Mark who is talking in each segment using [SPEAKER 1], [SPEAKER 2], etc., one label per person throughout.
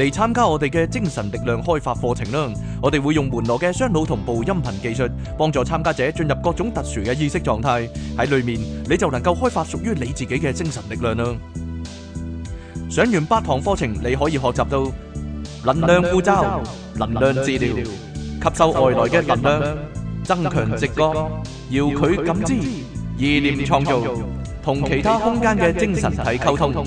[SPEAKER 1] 嚟參加我哋嘅精神力量開發課程啦！我哋會用門羅嘅雙腦同步音頻技術，幫助參加者進入各種特殊嘅意識狀態。喺裡面你就能夠開發屬於你自己嘅精神力量啦！上完八堂課程，你可以學習到能量呼召、能量治療、吸收外來嘅能量、增強直覺、遙距感知、意念創造、同其他空間嘅精神體溝通。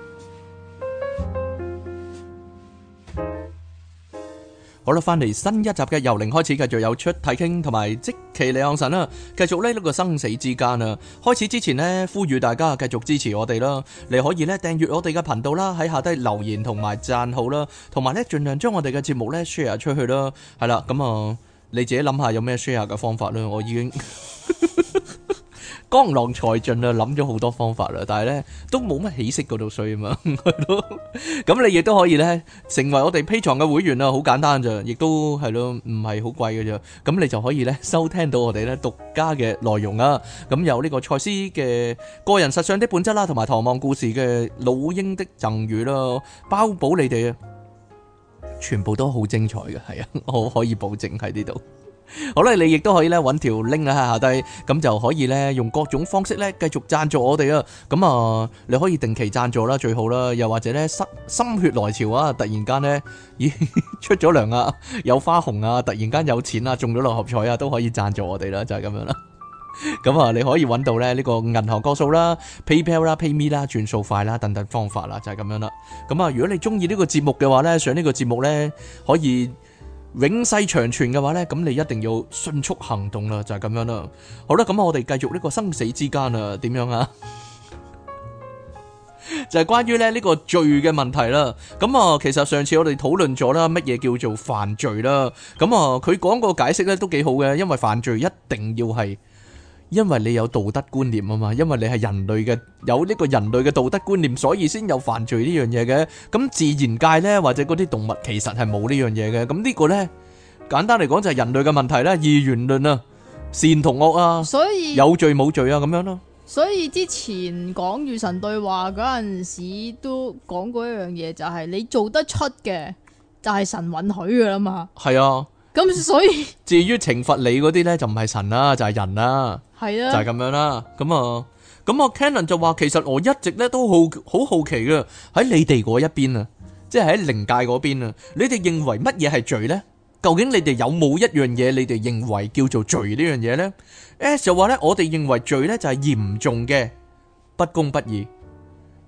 [SPEAKER 1] 我咧，翻嚟新一集嘅由零開始，繼續有出體傾，同埋即其李昂臣啦，繼續呢喺、這個生死之間啊。開始之前呢，呼籲大家繼續支持我哋啦，你可以呢訂閱我哋嘅頻道啦，喺下低留言同埋讚好啦，同埋呢盡量將我哋嘅節目呢 share 出去啦。係、嗯、啦，咁、嗯、啊你自己諗下有咩 share 嘅方法啦。我已經。 江郎才盡啊，諗咗好多方法啦，但係咧都冇乜起色嗰度衰啊嘛，咁 你亦都可以咧成為我哋 Patreon 嘅會員啦，好簡單咋，亦都係咯，唔係好貴嘅咋，咁你就可以咧收聽到我哋咧獨家嘅內容啦，咁有呢個賽斯嘅個人實相的本質啦，同埋唐望故事嘅老鷹的贈予啦，包保你哋啊全部都好精彩嘅，係啊，我可以保證喺呢度。好啦，你亦都可以咧揾條拎啊下下低咁就可以咧用各種方式咧繼續贊助我哋啊！咁啊，你可以定期贊助啦，最好啦，又或者咧心心血來潮啊，突然間咧咦出咗糧啊，有花紅啊，突然間有錢啊，中咗六合彩啊，都可以贊助我哋啦，就係咁樣啦。咁啊，你可以揾到咧呢個銀行個數啦、PayPal 啦、PayMe 啦、轉數快啦等等方法啦，就係咁樣啦。咁啊，如果你中意呢個節目嘅話咧，上呢個節目咧可以。永世長存嘅話呢，咁你一定要迅速行動啦，就係咁樣啦。好啦，咁啊，我哋繼續呢個生死之間啊，點樣啊？就係關於呢呢個罪嘅問題啦。咁啊，其實上次我哋討論咗啦，乜嘢叫做犯罪啦？咁啊，佢講個解釋呢都幾好嘅，因為犯罪一定要係。因為你有道德觀念啊嘛，因為你係人類嘅有呢個人類嘅道德觀念，所以先有犯罪呢樣嘢嘅。咁自然界咧或者嗰啲動物其實係冇呢樣嘢嘅。咁呢個咧簡單嚟講就係人類嘅問題啦，二元論啊，善同惡啊，所以有罪冇罪啊，咁樣咯。
[SPEAKER 2] 所以之前講與神對話嗰陣時都講過一樣嘢，就係你做得出嘅就係神允許噶啦嘛。
[SPEAKER 1] 係啊。咁所以至於懲罰你嗰啲咧就唔係神啦，就係人啦。係啊，就係咁樣啦。咁、嗯、啊，咁、嗯、啊、嗯嗯、Canon 就話其實我一直咧都好好好奇嘅，喺你哋嗰一邊啊，即係喺靈界嗰邊啊，你哋認為乜嘢係罪呢？究竟你哋有冇一樣嘢你哋認為叫做罪呢樣嘢呢？」S 就話咧，我哋認為罪咧就係嚴重嘅不公不義。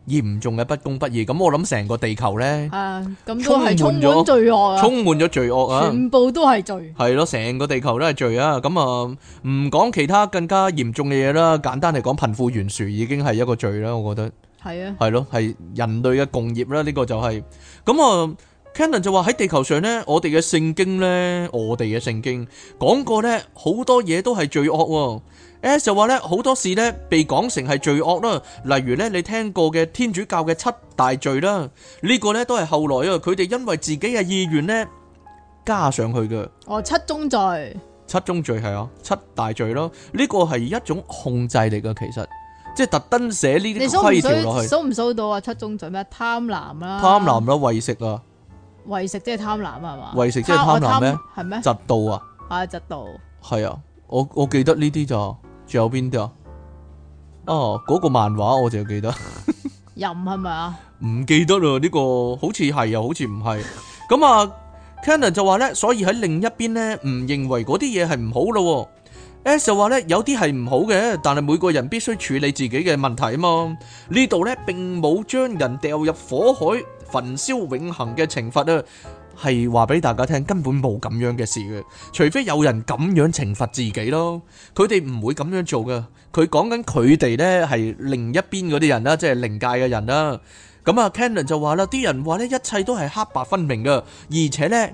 [SPEAKER 1] 嚴重嘅不公不義，咁我諗成個地球咧，
[SPEAKER 2] 啊，咁都係充滿罪惡啊，充
[SPEAKER 1] 滿咗罪惡啊，全部都係罪，係咯，成個地球都係罪啊，咁啊，唔講其他更加嚴重嘅嘢啦，簡單嚟講，貧富懸殊已經係一個罪啦，我覺得，
[SPEAKER 2] 係啊，係
[SPEAKER 1] 咯，係人類嘅共業啦，呢個就係，咁啊，Cannon 就話喺地球上咧，我哋嘅聖經咧，我哋嘅聖經講過咧，好多嘢都係罪惡。S 就話咧，好多事咧被講成係罪惡啦，例如咧你聽過嘅天主教嘅七大罪啦，呢個咧都係後來啊，佢哋因為自己嘅意願咧加上去嘅。哦，
[SPEAKER 2] 七宗罪。
[SPEAKER 1] 七宗罪係啊，七大罪咯，呢個係一種控制力啊，其實即係特登寫呢啲規條落去。數唔
[SPEAKER 2] 數到啊？七宗罪咩？貪婪啊，貪
[SPEAKER 1] 婪咯，為食啊。為
[SPEAKER 2] 食即係貪婪啊。係嘛、啊？為食即係貪婪咩？係咩？嫉妒啊。啊，嫉妒。
[SPEAKER 1] 係啊，我我記得呢啲就。仲有邊啲啊？哦，嗰個漫畫我淨係記得。
[SPEAKER 2] 任係咪啊？
[SPEAKER 1] 唔記得咯，呢個好似係又好似唔係。咁啊，Ken 就話咧，所以喺另一邊咧，唔認為嗰啲嘢係唔好咯。S 就話咧，有啲係唔好嘅，但係每個人必須處理自己嘅問題啊嘛。呢度咧，並冇將人掉入火海焚燒永恆嘅懲罰啊。係話俾大家聽，根本冇咁樣嘅事嘅，除非有人咁樣懲罰自己咯。佢哋唔會咁樣做嘅。佢講緊佢哋呢係另一邊嗰啲人啦，即係靈界嘅人啦、啊。咁啊，Cannon 就話啦，啲人話呢一切都係黑白分明嘅，而且呢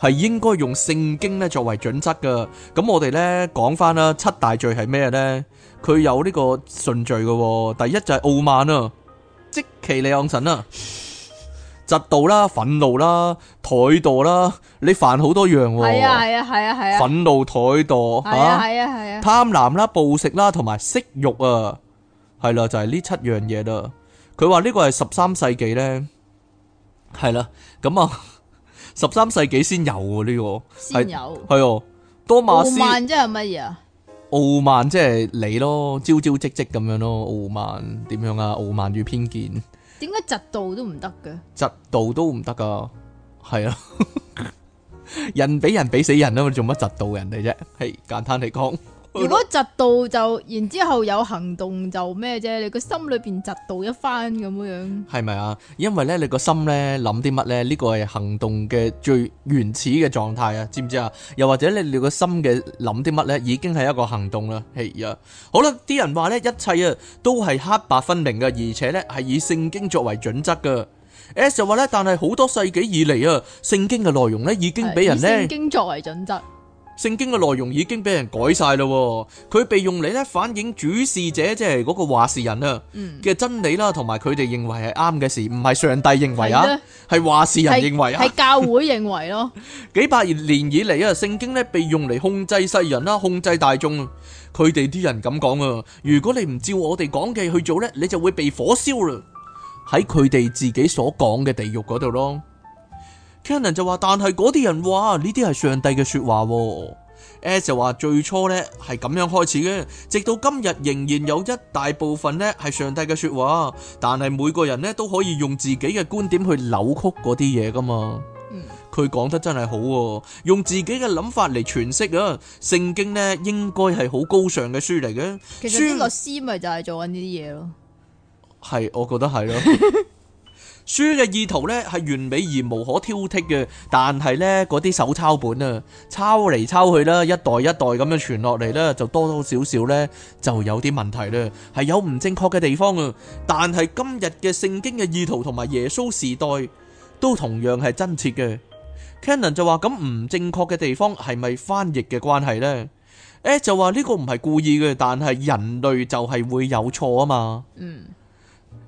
[SPEAKER 1] 係應該用聖經呢作為準則嘅。咁、嗯、我哋呢講翻啦，七大罪係咩呢？佢有呢個順序嘅，第一就係傲慢啊，即奇利昂神啊。嫉妒啦，憤怒啦，怠惰啦，你犯好多樣喎。係啊，係啊，
[SPEAKER 2] 係啊，係啊。憤
[SPEAKER 1] 怒、怠惰。係啊，係啊，係啊。
[SPEAKER 2] 貪
[SPEAKER 1] 婪啦，暴食啦，同埋色欲啊，係啦，就係呢七樣嘢啦。佢話呢個係十三世紀咧，係啦，咁啊，十三世紀先有呢個。先有。係哦，
[SPEAKER 2] 多馬斯。傲慢即係乜嘢
[SPEAKER 1] 啊？傲慢即係你咯，朝朝夕夕咁樣咯，傲慢點樣啊？傲慢與偏見。
[SPEAKER 2] 點解窒道都唔得嘅？
[SPEAKER 1] 窒道都唔得噶，係啊！ 人俾人俾死人啦，你做乜窒道人哋啫？係，簡單嚟講。如果
[SPEAKER 2] 窒到就，然之後有行動就咩啫？你個心裏邊窒到一番咁樣樣，
[SPEAKER 1] 係咪啊？因為咧，你個心咧諗啲乜咧？呢個係行動嘅最原始嘅狀態啊，知唔知啊？又或者你你個心嘅諗啲乜咧，已經係一個行動啦，係啊。好啦，啲人話咧，一切啊都係黑白分明嘅，而且咧係以聖經作為準則㗎。S 就話咧，但係好多世紀以嚟，啊，聖經嘅內容咧已經俾人咧，聖經
[SPEAKER 2] 作為準則。
[SPEAKER 1] 聖經嘅內容已經俾人改晒啦，佢被用嚟咧反映主事者，即係嗰個話事人啊嘅真理啦，同埋佢哋認為係啱嘅事，唔係上帝認為啊，係的話事人認為啊，係
[SPEAKER 2] 教會認為咯。
[SPEAKER 1] 幾百年以嚟啊，聖經咧被用嚟控制世人啦，控制大眾。佢哋啲人咁講啊，如果你唔照我哋講嘅去做咧，你就會被火燒啦，喺佢哋自己所講嘅地獄嗰度咯。Canon 就話，但係嗰啲人話呢啲係上帝嘅說話、啊。Ed 就話最初呢係咁樣開始嘅，直到今日仍然有一大部分呢係上帝嘅說話。但係每個人呢都可以用自己嘅觀點去扭曲嗰啲嘢噶嘛。佢講、嗯、得真係好、啊，用自己嘅諗法嚟詮釋啊聖經呢應該係好高尚嘅書嚟嘅。
[SPEAKER 2] 其實啲律師咪就係做緊呢啲嘢咯，
[SPEAKER 1] 係我覺得係咯。 書嘅意圖咧係完美而無可挑剔嘅，但係呢嗰啲手抄本啊，抄嚟抄去啦，一代一代咁樣傳落嚟咧，就多多少少咧就有啲問題咧，係有唔正確嘅地方啊。但係今日嘅聖經嘅意圖同埋耶穌時代都同樣係真切嘅。Canon 就話咁唔正確嘅地方係咪翻譯嘅關係呢？誒、欸、就話呢個唔係故意嘅，但係人類就係會有錯啊嘛。嗯。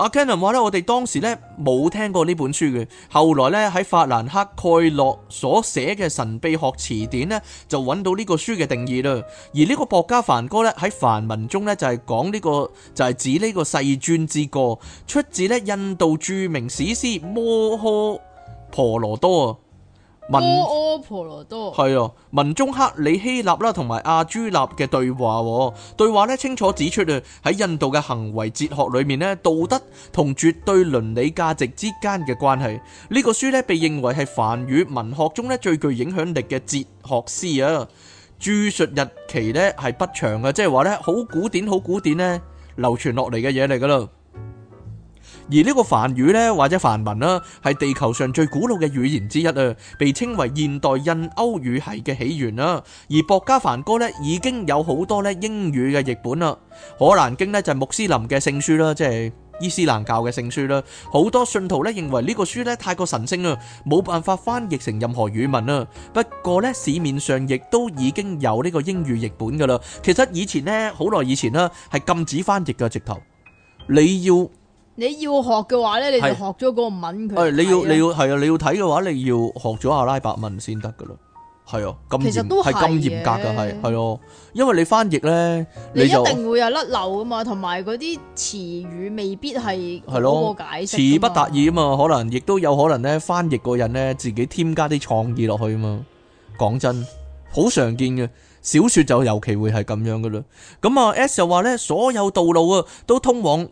[SPEAKER 1] 阿 Kenon 話咧，我哋當時咧冇聽過呢本書嘅，後來咧喺法蘭克蓋洛所寫嘅神秘學詞典咧，就揾到呢個書嘅定義啦。而呢個薄伽梵歌咧喺梵文中咧就係講呢、呢個就係、係、指呢個世尊之歌，出自咧印度著名史詩《摩訶婆羅多》。文
[SPEAKER 2] 婆羅多係哦，哦
[SPEAKER 1] 啊、文中克里希納啦同埋阿朱納嘅對話，對話咧清楚指出啊喺印度嘅行為哲學裏面咧道德同絕對倫理價值之間嘅關係。呢、這個書咧被認為係梵語文學中咧最具影響力嘅哲學詩啊。著述日期咧係不詳嘅，即係話咧好古典好古典咧流傳落嚟嘅嘢嚟噶啦。而呢個梵語呢，或者梵文啦，係地球上最古老嘅語言之一啊，被稱為現代印歐語系嘅起源啦。而《薄伽梵歌》呢，已經有好多呢英語嘅譯本啦。《可蘭經》呢，就係穆斯林嘅聖書啦，即係伊斯蘭教嘅聖書啦。好多信徒呢，認為呢個書呢，太過神聖啦，冇辦法翻譯成任何語文啊。不過呢，市面上亦都已經有呢個英語譯本㗎喇。其實以前呢，好耐以前呢，係禁止翻譯嘅，直頭你要。
[SPEAKER 2] 你要學嘅話咧，你就學咗嗰個文佢是、哎。你要你要係
[SPEAKER 1] 啊，你要睇嘅話，你要學咗阿拉伯文先得噶啦。係啊，其實都係咁嚴格噶，係係咯，因為你翻譯咧，你一定
[SPEAKER 2] 會有甩漏噶嘛，同埋嗰啲詞語未必係係咯，我解釋詞不
[SPEAKER 1] 達意啊嘛，可能亦都有可能咧，翻譯個人咧自己添加啲創意落去啊嘛。講真，好常見嘅小說就尤其會係咁樣噶啦。咁啊 S 就話咧，所有道路啊都通往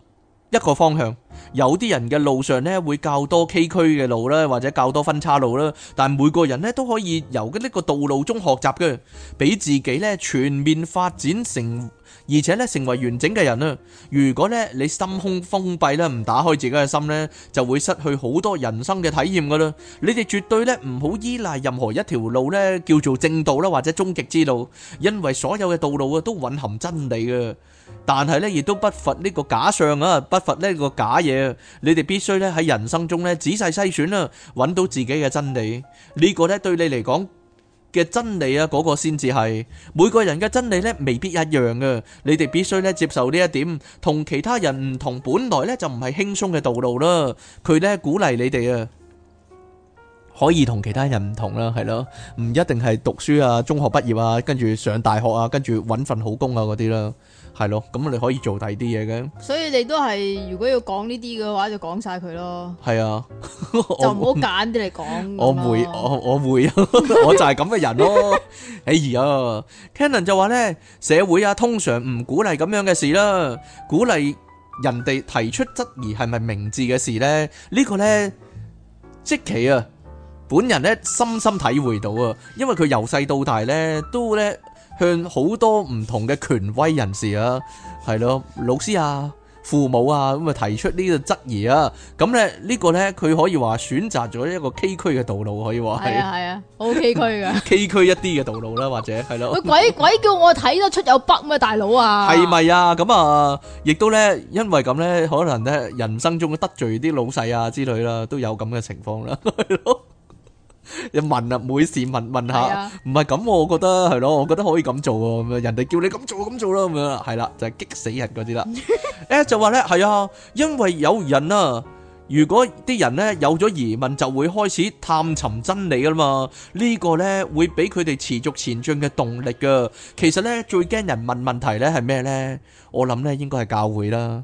[SPEAKER 1] 一個方向，有啲人嘅路上呢會較多崎嶇嘅路啦，或者較多分岔路啦，但係每個人呢都可以由呢個道路中學習嘅，俾自己呢全面發展成。而且咧，成為完整嘅人啦。如果咧你心胸封閉啦，唔打開自己嘅心咧，就會失去好多人生嘅體驗噶啦。你哋絕對咧唔好依賴任何一條路咧叫做正道啦，或者終極之路，因為所有嘅道路啊都蘊含真理嘅。但係咧，亦都不乏呢個假相啊，不乏呢個假嘢。你哋必須咧喺人生中咧仔細篩選啦，揾到自己嘅真理。呢個咧對你嚟講，嘅真理啊，嗰個先至係，每個人嘅真理呢未必一樣嘅。你哋必須呢接受呢一點，同其他人唔同，本來呢就唔係輕鬆嘅道路啦。佢呢鼓勵你哋啊，可以同其他人唔同啦，係咯，唔一定係讀書啊，中學畢業啊，跟住上大學啊，跟住揾份好工啊嗰啲啦。係咯，咁你可以做第啲嘢嘅。
[SPEAKER 2] 所以你都係，如果要講呢啲嘅話，就講晒佢咯。
[SPEAKER 1] 係啊，就唔好
[SPEAKER 2] 揀啲嚟講。
[SPEAKER 1] 我會，我我會啊，我就係咁嘅人咯。哎呀，Canon 就話咧，社會啊，通常唔鼓勵咁樣嘅事啦，鼓勵人哋提出質疑係咪明智嘅事咧？呢個咧，即奇啊，本人咧，深深體會到啊，因為佢由細到大咧，都咧。向好多唔同嘅權威人士啊，係咯，老師啊，父母啊，咁啊提出呢個質疑啊，咁咧呢，這個咧佢可以話選擇咗一個崎嶇嘅道路，可以話係啊係啊，好崎
[SPEAKER 2] 嶇嘅崎
[SPEAKER 1] 嶇一啲嘅道路啦，或者係咯，佢 鬼
[SPEAKER 2] 鬼叫我睇得出有北咩大佬啊？係
[SPEAKER 1] 咪啊？咁啊，亦、啊、都咧因為咁咧，可能咧人生中得罪啲老細啊之類啦，都有咁嘅情況啦，啊，係咯。 又問啦，每事問問下，唔係咁我覺得係咯，我覺得可以咁做喎，咁樣人哋叫你咁做就咁做啦，咁樣係啦，就係、是、激死人嗰啲啦。誒、 欸，就話咧，係啊，因為有人啊，如果啲人咧有咗疑問，就會開始探尋真理噶啦嘛，這個、呢個咧會俾佢哋持續前進嘅動力噶。其實咧最驚人問問題咧係咩咧？我諗咧應該係教會啦。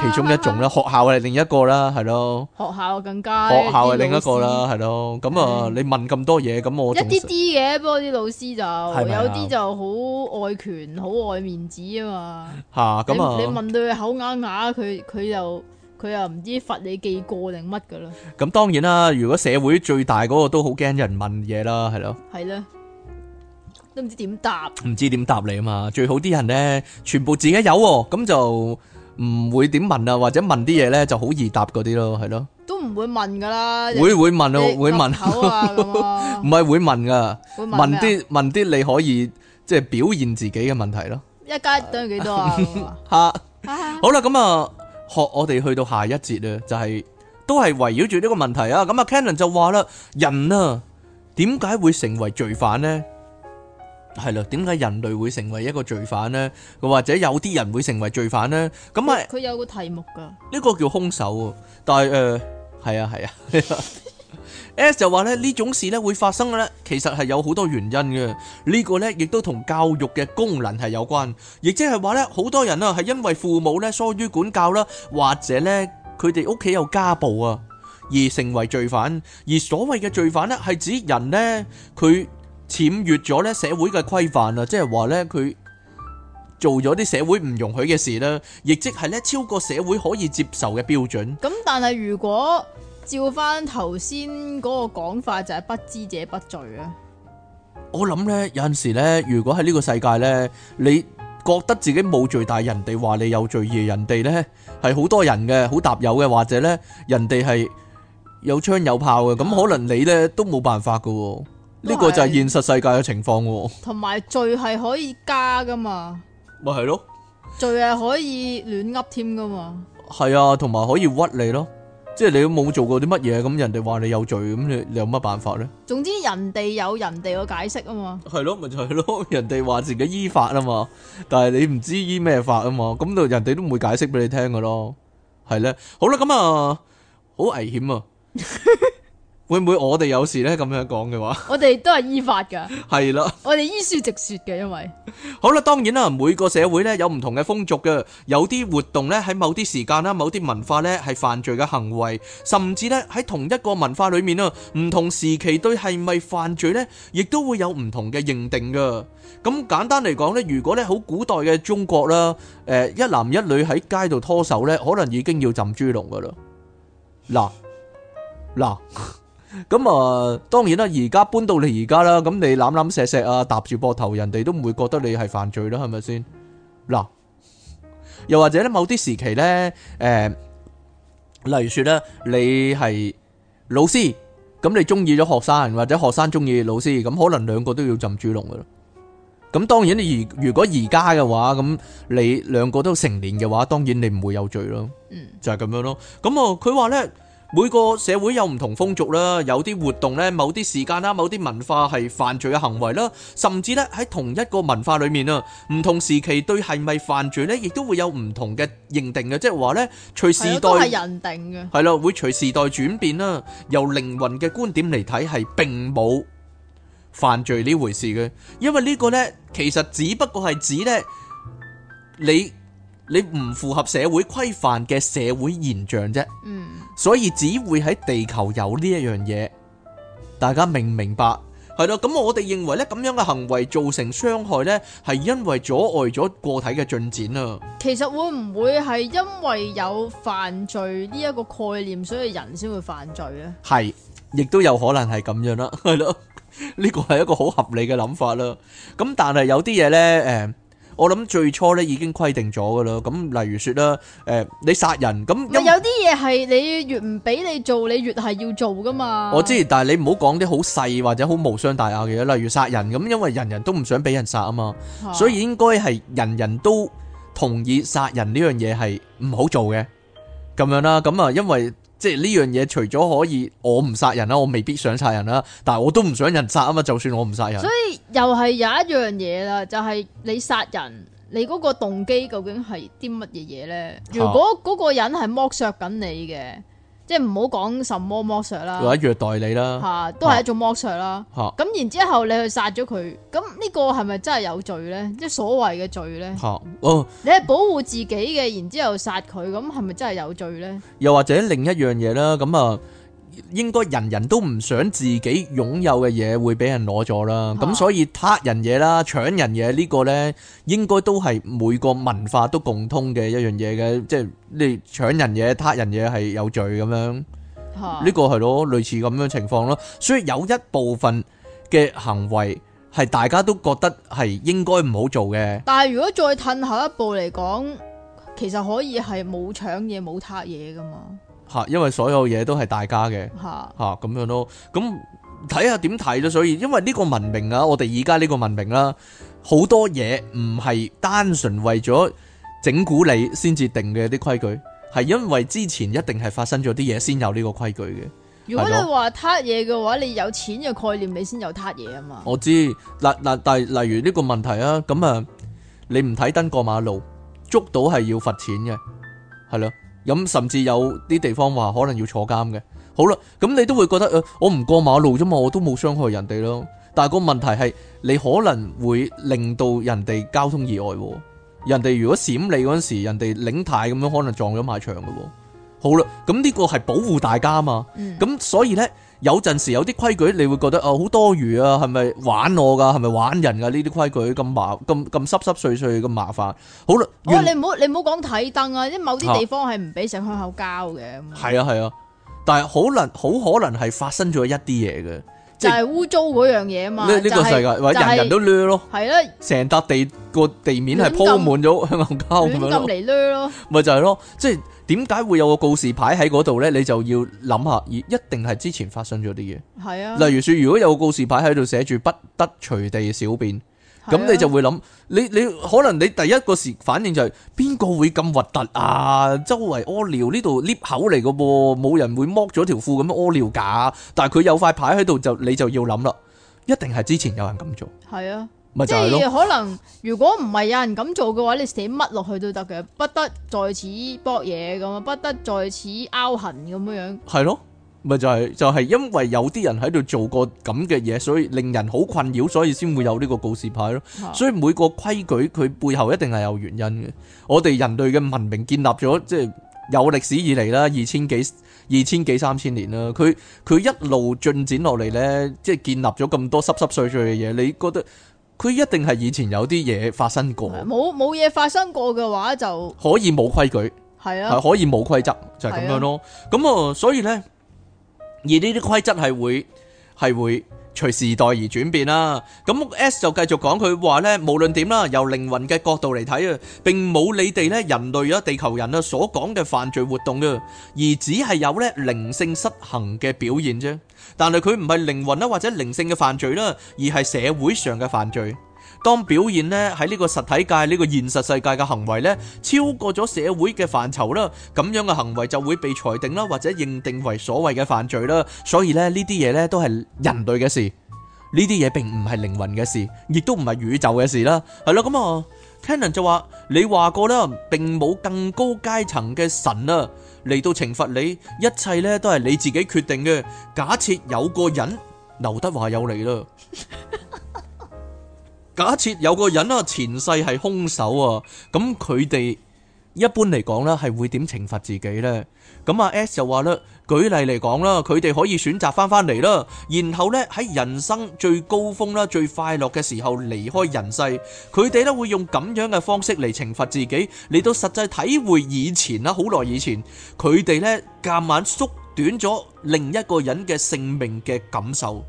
[SPEAKER 2] 其中一種啦，
[SPEAKER 1] 學校係另一個啦，係咯。
[SPEAKER 2] 學校更加學校係另一個啦，
[SPEAKER 1] 係咯。咁啊，你問咁多嘢，咁我一啲啲
[SPEAKER 2] 嘅，不過啲老師就有啲就好愛權，好愛面子啊嘛。
[SPEAKER 1] 嚇，咁啊，你問
[SPEAKER 2] 到佢口啞啞，佢佢又佢又唔知罰你記過定乜㗎啦。
[SPEAKER 1] 咁當然啦，如果社會最大嗰個都好驚人問嘢啦，係咯。
[SPEAKER 2] 係啦，都唔知點答，
[SPEAKER 1] 唔知點答你啊嘛。最好啲人咧，全部自己有喎，咁就。唔會點問啊，或者問啲嘢咧就好易答嗰啲咯，係咯，
[SPEAKER 2] 都唔會問噶啦會會問咯，會問，
[SPEAKER 1] 唔係會問噶問啲問啲你可以即係表現自己嘅問題咯。
[SPEAKER 2] 一加一等於幾多啊？
[SPEAKER 1] 吓，好啦，咁啊，學我哋去到下一節啊，就係都係圍繞住呢個問題啊。咁啊，Cannon 就話啦，人啊，點解會成為罪犯咧？係啦，點解人類會成為一個罪犯咧？或者有啲人會成為罪犯咧？咁係
[SPEAKER 2] 佢有個題目噶，
[SPEAKER 1] 呢個叫兇手。但係誒，係啊係啊，S 就話咧，呢種事咧會發生咧，其實係有好多原因嘅。呢個咧亦都同教育嘅功能係有關，亦即係話咧，好多人啊係因為父母咧疏於管教啦，或者咧佢哋屋企有家暴啊，而成為罪犯。而所謂嘅罪犯咧，係指人咧佢。僭越咗咧社會嘅規範啊，即係話咧佢做咗啲社會唔容許嘅事咧，亦即係咧超過社會可以接受嘅標準。
[SPEAKER 2] 咁但係如果照翻頭先嗰個講法，就係不知者不罪啊。
[SPEAKER 1] 我諗呢有時呢，如果喺呢個世界呢，你覺得自己冇罪，但係人哋話你有罪，而人哋呢係好多人嘅，好搭友嘅，或者呢人哋係有槍有炮嘅，咁可能你呢都冇辦法噶。呢個就係現實世界嘅情況喎，
[SPEAKER 2] 同埋罪係可以加噶嘛，
[SPEAKER 1] 咪係咯，
[SPEAKER 2] 罪係可以亂噏添噶嘛，
[SPEAKER 1] 係啊，同埋可以屈你咯，即係你都冇做過啲乜嘢，咁人哋話你有罪，咁你你有乜辦法咧？
[SPEAKER 2] 總之人哋有人哋個解釋啊嘛，
[SPEAKER 1] 係咯，咪就係、是、咯，人哋話自己依法啊嘛，但係你唔知依咩法啊嘛，咁就人哋都唔會解釋俾你聽噶咯，係咧？好啦，咁、嗯、啊，好危險啊！ 會唔會我哋有時咧咁樣講嘅話？
[SPEAKER 2] 我哋都係依法噶。係啦，我哋依書直說嘅，因為
[SPEAKER 1] 好啦，當然啦，每個社會咧有唔同嘅風俗嘅，有啲活動咧喺某啲時間啦，某啲文化咧係犯罪嘅行為，甚至咧喺同一個文化裏面啊，唔同時期對係咪犯罪咧，亦都會有唔同嘅認定噶。咁簡單嚟講咧，如果咧好古代嘅中國啦，誒一男一女喺街度拖手咧，可能已經要浸豬籠噶啦。嗱嗱。咁啊，當然啦，而家搬到你而家啦，咁你攬攬錫錫啊，搭住膊頭，人哋都唔會覺得你係犯罪啦，係咪先？嗱，又或者咧，某啲時期咧，誒、呃，例如說咧，你係老師，咁你中意咗學生，或者學生中意老師，咁可能兩個都要浸豬籠噶啦。咁當然，而如果而家嘅話，咁你兩個都成年嘅話，當然你唔會有罪咯。就係咁樣咯。咁啊，佢話咧。每個社會有唔同風俗啦，有啲活動呢，某啲時間啦，某啲文化係犯罪嘅行為啦，甚至呢喺同一個文化裏面啊，唔同時期對係咪犯罪呢，亦都會有唔同嘅認定嘅，即係話呢，隨時代係咯，會隨時代轉變啦。由靈魂嘅觀點嚟睇，係並冇犯罪呢回事嘅，因為呢個呢其實只不過係指呢你。你唔符合社會規範嘅社會現象啫，嗯，所以只會喺地球有呢一樣嘢。大家明唔明白？係咯，咁我哋認為咧，咁樣嘅行為造成傷害咧，係因為阻礙咗個體嘅進展啊。
[SPEAKER 2] 其實會唔會係因為有犯罪呢一個概念，所以人先會犯罪咧？
[SPEAKER 1] 係，亦都有可能係咁樣啦，係咯，呢個係一個好合理嘅諗法啦。咁但係有啲嘢咧，誒。我諗最初咧已經規定咗噶啦咁例如說啦，誒，你殺人咁，
[SPEAKER 2] 有啲嘢係你越唔俾你做，你越係要做噶嘛。我
[SPEAKER 1] 知，但係你唔好講啲好細或者好無傷大雅嘅嘢，例如殺人咁，因為人人都唔想俾人殺啊嘛，所以應該係人人都同意殺人呢樣嘢係唔好做嘅，咁樣啦，咁啊，因為。即係呢樣嘢，除咗可以我唔殺人啦，我未必想殺人啦，但係我都唔想人殺啊嘛，就算我唔殺人。所
[SPEAKER 2] 以又係有一樣嘢啦，就係你殺人，你嗰個動機究竟係啲乜嘢嘢咧？如果嗰個人係剝削緊你嘅。啊即係唔好講什麼剝削啦，或者
[SPEAKER 1] 虐待你啦，吓、
[SPEAKER 2] 啊、都係一種剝削啦。吓咁、啊啊、然之後你去殺咗佢，咁呢個係咪真係有罪咧？即係所謂嘅罪咧？吓、啊、哦，你係保護自己嘅，然之後殺佢，咁係咪真係有罪咧？
[SPEAKER 1] 又或者另一樣嘢啦，咁啊。應該人人都唔想自己擁有嘅嘢會俾人攞咗啦，咁所以盜人嘢啦、搶人嘢呢個呢，應該都係每個文化都共通嘅一樣嘢嘅，即係你搶人嘢、盜人嘢係有罪咁樣，
[SPEAKER 2] 呢個
[SPEAKER 1] 係咯，類似咁樣情況咯，所以有一部分嘅行為係大家都覺得係應該唔好做嘅。
[SPEAKER 2] 但係如果再褪後一步嚟講，其實可以係冇搶嘢、冇盜嘢噶嘛。
[SPEAKER 1] 吓，因為所有嘢都係大家嘅，吓咁、啊、樣咯。咁睇下點睇啦，所以因為呢個文明啊，我哋而家呢個文明啦、啊，好多嘢唔係單純為咗整蠱你先至定嘅啲規矩，係因為之前一定係發生咗啲嘢先有呢個規矩嘅。如果你話
[SPEAKER 2] 撻嘢嘅話，你有錢嘅概念你先有撻嘢啊嘛。我
[SPEAKER 1] 知但但，例例例例如呢個問題啊，咁啊，你唔睇燈過馬路，捉到係要罰錢嘅，係咯。咁甚至有啲地方話可能要坐監嘅，好啦，咁你都會覺得，誒、呃，我唔過馬路啫嘛，我都冇傷害人哋咯。但係個問題係，你可能會令到人哋交通意外，人哋如果閃你嗰陣時，人哋擰軚咁樣，可能撞咗埋牆噶。好啦，咁呢個係保護大家嘛？咁所以咧，有陣時有啲規矩，你會覺得哦，好多餘啊，係咪玩我噶？係咪玩人啊？呢啲規矩咁麻咁咁濕濕碎碎咁麻煩。好啦，哦，你唔好你
[SPEAKER 2] 唔好講睇燈啊！因為某啲地方係唔俾食香口膠嘅。
[SPEAKER 1] 係啊係啊，但係可能好可能係發生咗一啲嘢嘅，
[SPEAKER 2] 就係污糟嗰樣嘢嘛。呢個世界話人人都掠咯，係啦，
[SPEAKER 1] 成笪地個地面係鋪滿咗香口膠咁樣咯，亂咁嚟掠咯，咪就係咯，即係。點解會有個告示牌喺嗰度呢？你就要諗下，一定係之前發生咗啲嘢。係啊，例如說，如果有個告示牌喺度寫住不得隨地小便，
[SPEAKER 2] 咁、啊、你就會
[SPEAKER 1] 諗，你你可能你第一個時反應就係邊個會咁核突啊？周圍屙尿呢度 lift 口嚟，噶噃，冇人會剝咗條褲咁樣屙尿噶。但係佢有塊牌喺度，就你就要諗啦，一定係之前有人咁做。
[SPEAKER 2] 係啊。即係可能，如果唔係有人咁做嘅話，你寫乜落去都得嘅，不得在此博嘢咁，不得在此凹痕咁樣樣。
[SPEAKER 1] 係咯，咪就係就係因為有啲人喺度做過咁嘅嘢，所以令人好困擾，所以先會有呢個告示牌咯。所以每個規矩佢背後一定係有原因嘅。我哋人類嘅文明建立咗，即係有歷史以嚟啦，二千幾、二千幾、三千年啦。佢佢一路進展落嚟咧，即係建立咗咁多濕濕碎碎嘅嘢。你覺得？佢一定係以前有啲嘢發生過，
[SPEAKER 2] 冇冇嘢發生過嘅話就
[SPEAKER 1] 可以冇規矩，係啊，係可以冇規則就係咁樣咯。咁啊，所以呢，而呢啲規則係會係會隨時代而轉變啦。咁 S 就繼續講佢話呢，無論點啦，由靈魂嘅角度嚟睇啊，並冇你哋呢人類啊地球人啊所講嘅犯罪活動啊，而只係有呢靈性失衡嘅表現啫。但係佢唔係靈魂啦，或者靈性嘅犯罪啦，而係社會上嘅犯罪。當表現咧喺呢個實體界、呢、呢個現實世界嘅行為咧，超過咗社會嘅範疇啦，咁樣嘅行為就會被裁定啦，或者認定為所謂嘅犯罪啦。所以咧，呢啲嘢咧都係人類嘅事，呢啲嘢並唔係靈魂嘅事，亦都唔係宇宙嘅事啦。係咯，咁啊，Tanner 就話：你話過啦，並冇更高階層嘅神啊。嚟到懲罰你，一切呢都係你自己決定嘅。假設有個人，劉德華又嚟啦。 假設有個人啊，前世係兇手啊，咁佢哋一般嚟講呢係會點懲罰自己呢？咁啊 S 就話啦，舉例嚟講啦，佢哋可以選擇返返嚟啦，然後咧喺人生最高峰啦，最快樂嘅時候離開人世，佢哋咧會用咁樣嘅方式嚟懲罰自己，嚟到實際體會以前啦，好耐以前，佢哋咧夾硬縮短咗另一個人嘅性命嘅感受，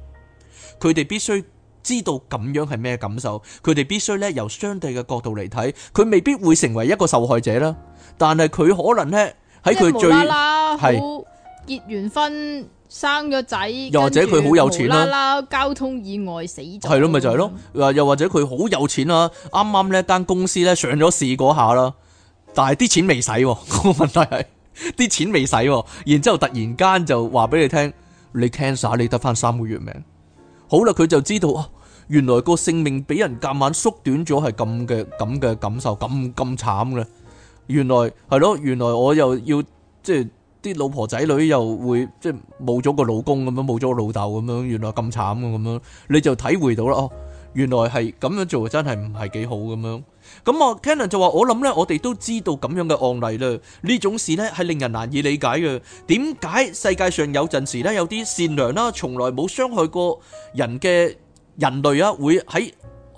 [SPEAKER 1] 佢哋必須知道咁樣係咩感受，佢哋必須咧由相對嘅角度嚟睇。佢未必會成為一個受害者啦，但係佢可能咧。喺佢最係
[SPEAKER 2] 結完婚是生咗仔，又或者佢好有錢啦，無啦啦交通意外死咗，係
[SPEAKER 1] 咯咪就係、是、咯，又或者佢好有錢啦，啱啱呢間公司咧上咗市嗰下啦，但係啲錢未使， 個問題係啲錢未使，然之後突然間就話俾你聽，你 cancer 你得翻三個月命，好啦，佢就知道，原來個性命俾人夾硬縮短咗，係咁嘅咁嘅感受，咁咁慘嘅。原來係咯，原來我又要即係啲老婆仔女又會即係冇咗個老公咁樣，冇咗個老豆咁樣，原來咁慘嘅咁樣，你就體會到啦哦。原來係咁樣做真係唔係幾好咁樣。咁我 Cannon 就話：我諗咧，我哋都知道咁樣嘅案例咧，呢種事咧係令人難以理解嘅。點解世界上有陣時咧有啲善良啦，從來冇傷害過人嘅人類啊，會喺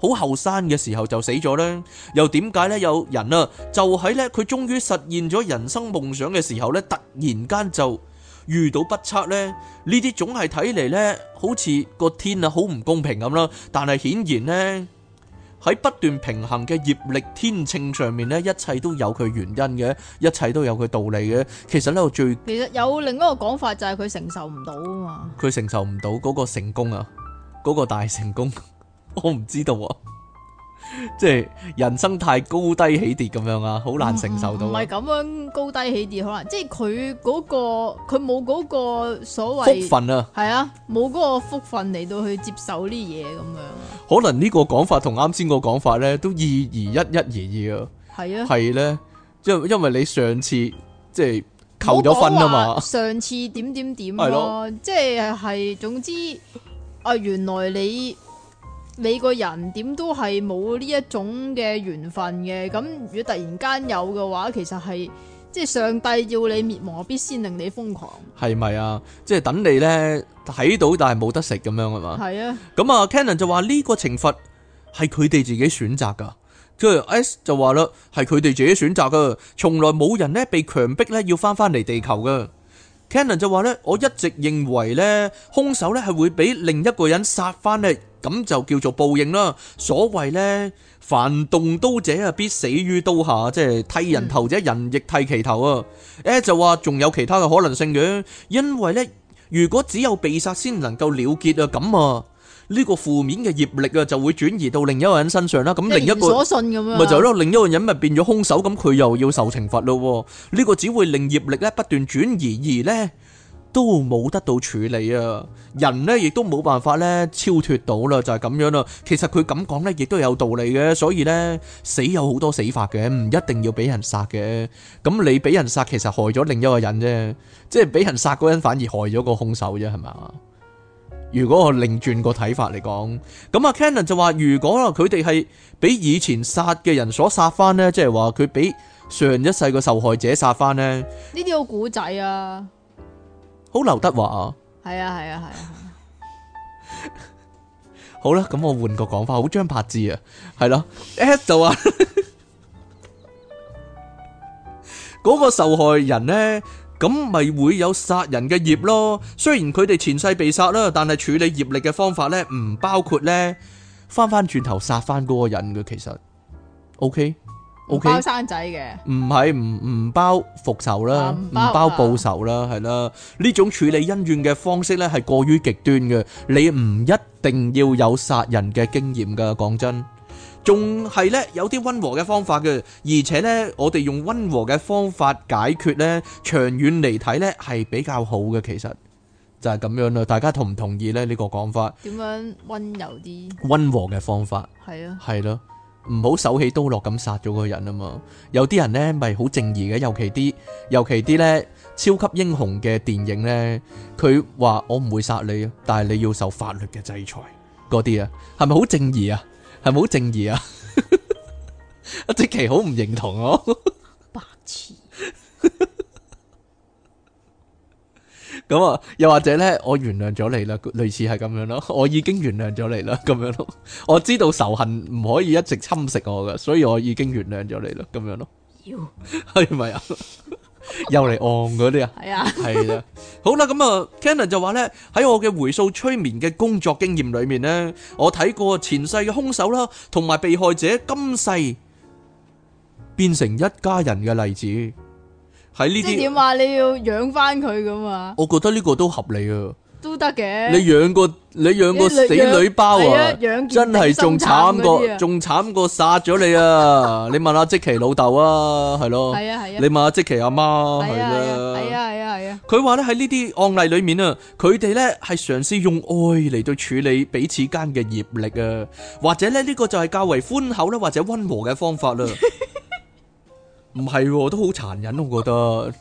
[SPEAKER 1] 好後生嘅時候就死咗咧，又點解咧？有人啊，就喺咧，佢終於實現咗人生夢想嘅時候咧，突然間就遇到不測咧。呢啲總係睇嚟咧，好似個天啊好唔公平咁啦。但係顯然咧，喺不斷平衡嘅業力天秤上面咧，一切都有佢原因嘅，一切都有佢道理嘅。其實呢個最
[SPEAKER 2] 其實有另一個講法就係佢承受唔到啊嘛，
[SPEAKER 1] 佢承受唔到嗰個成功啊，嗰個大成功。我唔知道啊，即係人生太高低起跌咁樣啊，好難承受到，啊嗯。唔係
[SPEAKER 2] 咁樣高低起跌，可能即係佢嗰個佢冇嗰個所謂福分啊，係啊，冇嗰個福分嚟到去接受呢嘢咁樣，
[SPEAKER 1] 可能個呢個講法同啱先個講法咧都二而一，一而二是啊。
[SPEAKER 2] 係啊，係
[SPEAKER 1] 咧，因因為你上次即係扣咗分啊嘛。
[SPEAKER 2] 上次點點點係咯，即係係總之啊，原來你。你個人點都係冇呢一種嘅緣分嘅，咁如果突然間有嘅話，其實係即係上帝要你滅亡，必先令你瘋狂，
[SPEAKER 1] 係咪啊？即、就、係、是、等你咧睇到，但係冇得食咁樣啊嘛。係啊。咁啊、嗯、Cannon 就話呢、呢個懲罰係佢哋自己選擇㗎。佢 S 就話啦，係佢哋自己選擇㗎，從來冇人咧被強迫咧要翻翻嚟地球㗎。Cannon 就話咧，我一直認為咧，兇手咧係會俾另一個人殺翻嚟。咁就叫做報應啦。所謂咧，凡動刀者啊，必死於刀下。即係剃人頭者，人亦剃其頭啊！誒，就話仲有其他嘅可能性嘅，因為咧，如果只有被殺先能夠了結啊，咁啊，呢個負面嘅業力啊，就會轉移到另一個人身上啦。咁另一
[SPEAKER 2] 個咪就咯，
[SPEAKER 1] 另一個人咪變咗兇手，咁佢又要受懲罰咯。呢個只會令業力咧不斷轉移而咧。都冇得到處理啊！人呢亦都冇辦法呢超脫到啦，就係咁樣啦。其實佢咁講呢，亦都有道理嘅。所以呢，死有好多死法嘅，唔一定要俾人殺嘅。咁你俾人殺，其實害咗另一個人啫，即係俾人殺嗰人反而害咗個兇手啫，係咪啊？如果我另轉個睇法嚟講，咁啊 Canon 就話：如果佢哋係俾以前殺嘅人所殺翻呢，即係話佢俾上一世個受害者殺翻呢，
[SPEAKER 2] 呢啲好古仔啊！
[SPEAKER 1] 好劉德華啊！
[SPEAKER 2] 係啊，係啊，係啊！
[SPEAKER 1] 好啦，咁我換個講法，好張柏芝啊，係咯，at 就話嗰個受害人咧，咁咪會有殺人嘅業咯。雖然佢哋前世被殺啦，但係處理業力嘅方法咧，唔包括咧翻翻轉頭殺翻嗰個人嘅。其實，OK。唔包
[SPEAKER 2] 生仔嘅，
[SPEAKER 1] 唔係唔唔包復仇啦，唔包報仇啦，係啦，呢種處理恩怨嘅方式呢係過於極端嘅，你唔一定要有殺人嘅經驗噶，講真，仲係呢有啲溫和嘅方法嘅，而且呢我哋用溫和嘅方法解決呢，長遠嚟睇呢係比較好嘅，其實就係咁樣啦，大家同唔同意呢呢個講法？
[SPEAKER 2] 點樣溫柔啲？
[SPEAKER 1] 溫和嘅方法係啊，係咯。唔好手起刀落咁殺咗個人啊嘛！有啲人呢咪好正義嘅，尤其啲尤其啲呢，超級英雄嘅電影呢，佢話我唔會殺你，但係你要受法律嘅制裁，嗰啲啊，係咪好正義啊？係咪好正義啊？
[SPEAKER 2] 阿杰
[SPEAKER 1] 奇好唔認同我、啊。 咁啊，又或者咧，我原諒咗你啦，類似係咁樣咯。我已經原諒咗你啦，咁樣咯。我知道仇恨唔可以一直侵蝕我嘅，所以我已經原諒咗你啦，咁樣咯。係咪 You. 啊？ 又嚟戇嗰啲啊？係 啊，係啦。 好啦，咁啊，Cannon 就話咧，喺我嘅回溯催眠嘅工作經驗裏面呢，我睇過前世嘅兇手啦，同埋被害者今世變成一家人嘅例子。即係點
[SPEAKER 2] 話？你要養翻佢咁啊？
[SPEAKER 1] 我覺得呢個都合理啊，
[SPEAKER 2] 都得嘅。你養
[SPEAKER 1] 個你養個死女包啊，真係仲慘過，仲慘過殺咗你啊！你問下、啊、即琪老豆啊，係咯？係啊係啊！你問下、啊、即琪阿媽係啦，係啊係啊係啊！佢話咧喺呢啲案例裏面啊，佢哋咧係嘗試用愛嚟到處理彼此間嘅業力啊，或者咧呢個就係較為寬厚啦，或者溫和嘅方法啦。唔係喎，都好殘忍，我覺得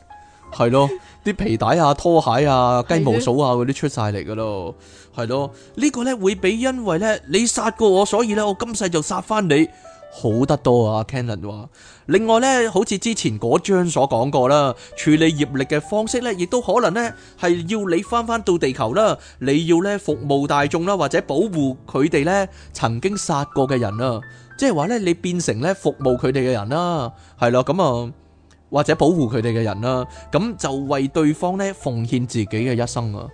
[SPEAKER 1] 係咯，啲皮帶啊、拖鞋啊、雞毛掃啊嗰啲的出晒嚟噶咯，係咯，呢、這個呢會畀因為呢，你殺過我，所以呢，我今世就殺返你好得多啊。Cannon 話，另外呢，好似之前嗰章所講過啦，處理業力嘅方式呢，亦都可能呢係要你返返到地球啦，你要呢服務大眾啦，或者保護佢哋呢曾經殺過嘅人啊。即係話咧，你變成咧服務佢哋嘅人啦，係咯，咁啊或者保護佢哋嘅人啦，咁就為對方咧奉獻自己嘅一生啊。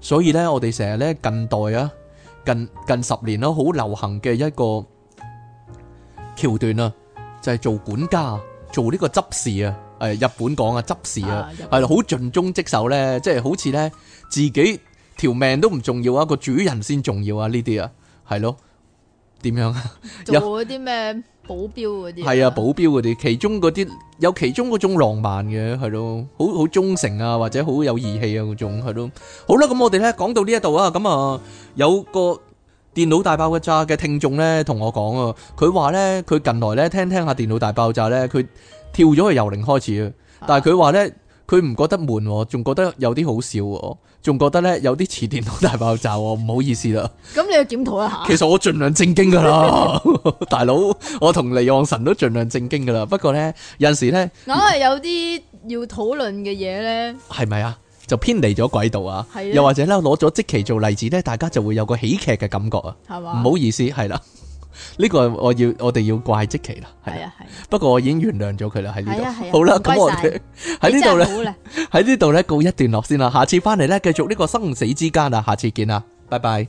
[SPEAKER 1] 所以咧，我哋成日咧近代啊近近十年啦，好流行嘅一個橋段啊，就係做管家，做呢個執事啊，誒，日本講啊執事啊，係好盡忠職守咧，即係好似咧自己條命都唔重要啊，個主人先重要啊，呢啲啊係咯。點樣啊？
[SPEAKER 2] 有冇嗰啲咩保鏢嗰啲？係啊，保
[SPEAKER 1] 鏢嗰啲，其中嗰啲有其中嗰種浪漫嘅，係咯，好好忠誠啊，或者好有義氣啊嗰種，係咯。好啦，咁我哋咧講到呢一度啊，咁啊有個電腦大爆炸嘅聽眾咧同我講啊，佢話咧佢近來咧聽聽下電腦大爆炸咧，佢跳咗去由零開始啊，但係佢話咧。佢唔覺得悶喎，仲覺得有啲好笑喎，仲覺得咧有啲似電腦大爆炸喎，唔好意思啦。
[SPEAKER 2] 咁你要檢討一下？其
[SPEAKER 1] 實我盡量正經噶啦， 大佬，我同黎望神都盡量正經噶啦。不過咧，有時咧，
[SPEAKER 2] 硬係有啲要討論嘅嘢咧，
[SPEAKER 1] 係咪啊？就偏離咗軌道啊？呢又或者咧，攞咗即期做例子咧，大家就會有個喜劇嘅感覺啊？係嘛吧？唔好意思，係啦。呢個我要我哋要怪即奇啦，係啊係，啊不過我已經原諒咗佢啦，喺呢度，啊啊、好啦吧，咁謝我哋喺呢度咧，喺呢度咧告一段落先啦，下次翻嚟咧繼續呢個生死之間啊，下次見啦，拜拜。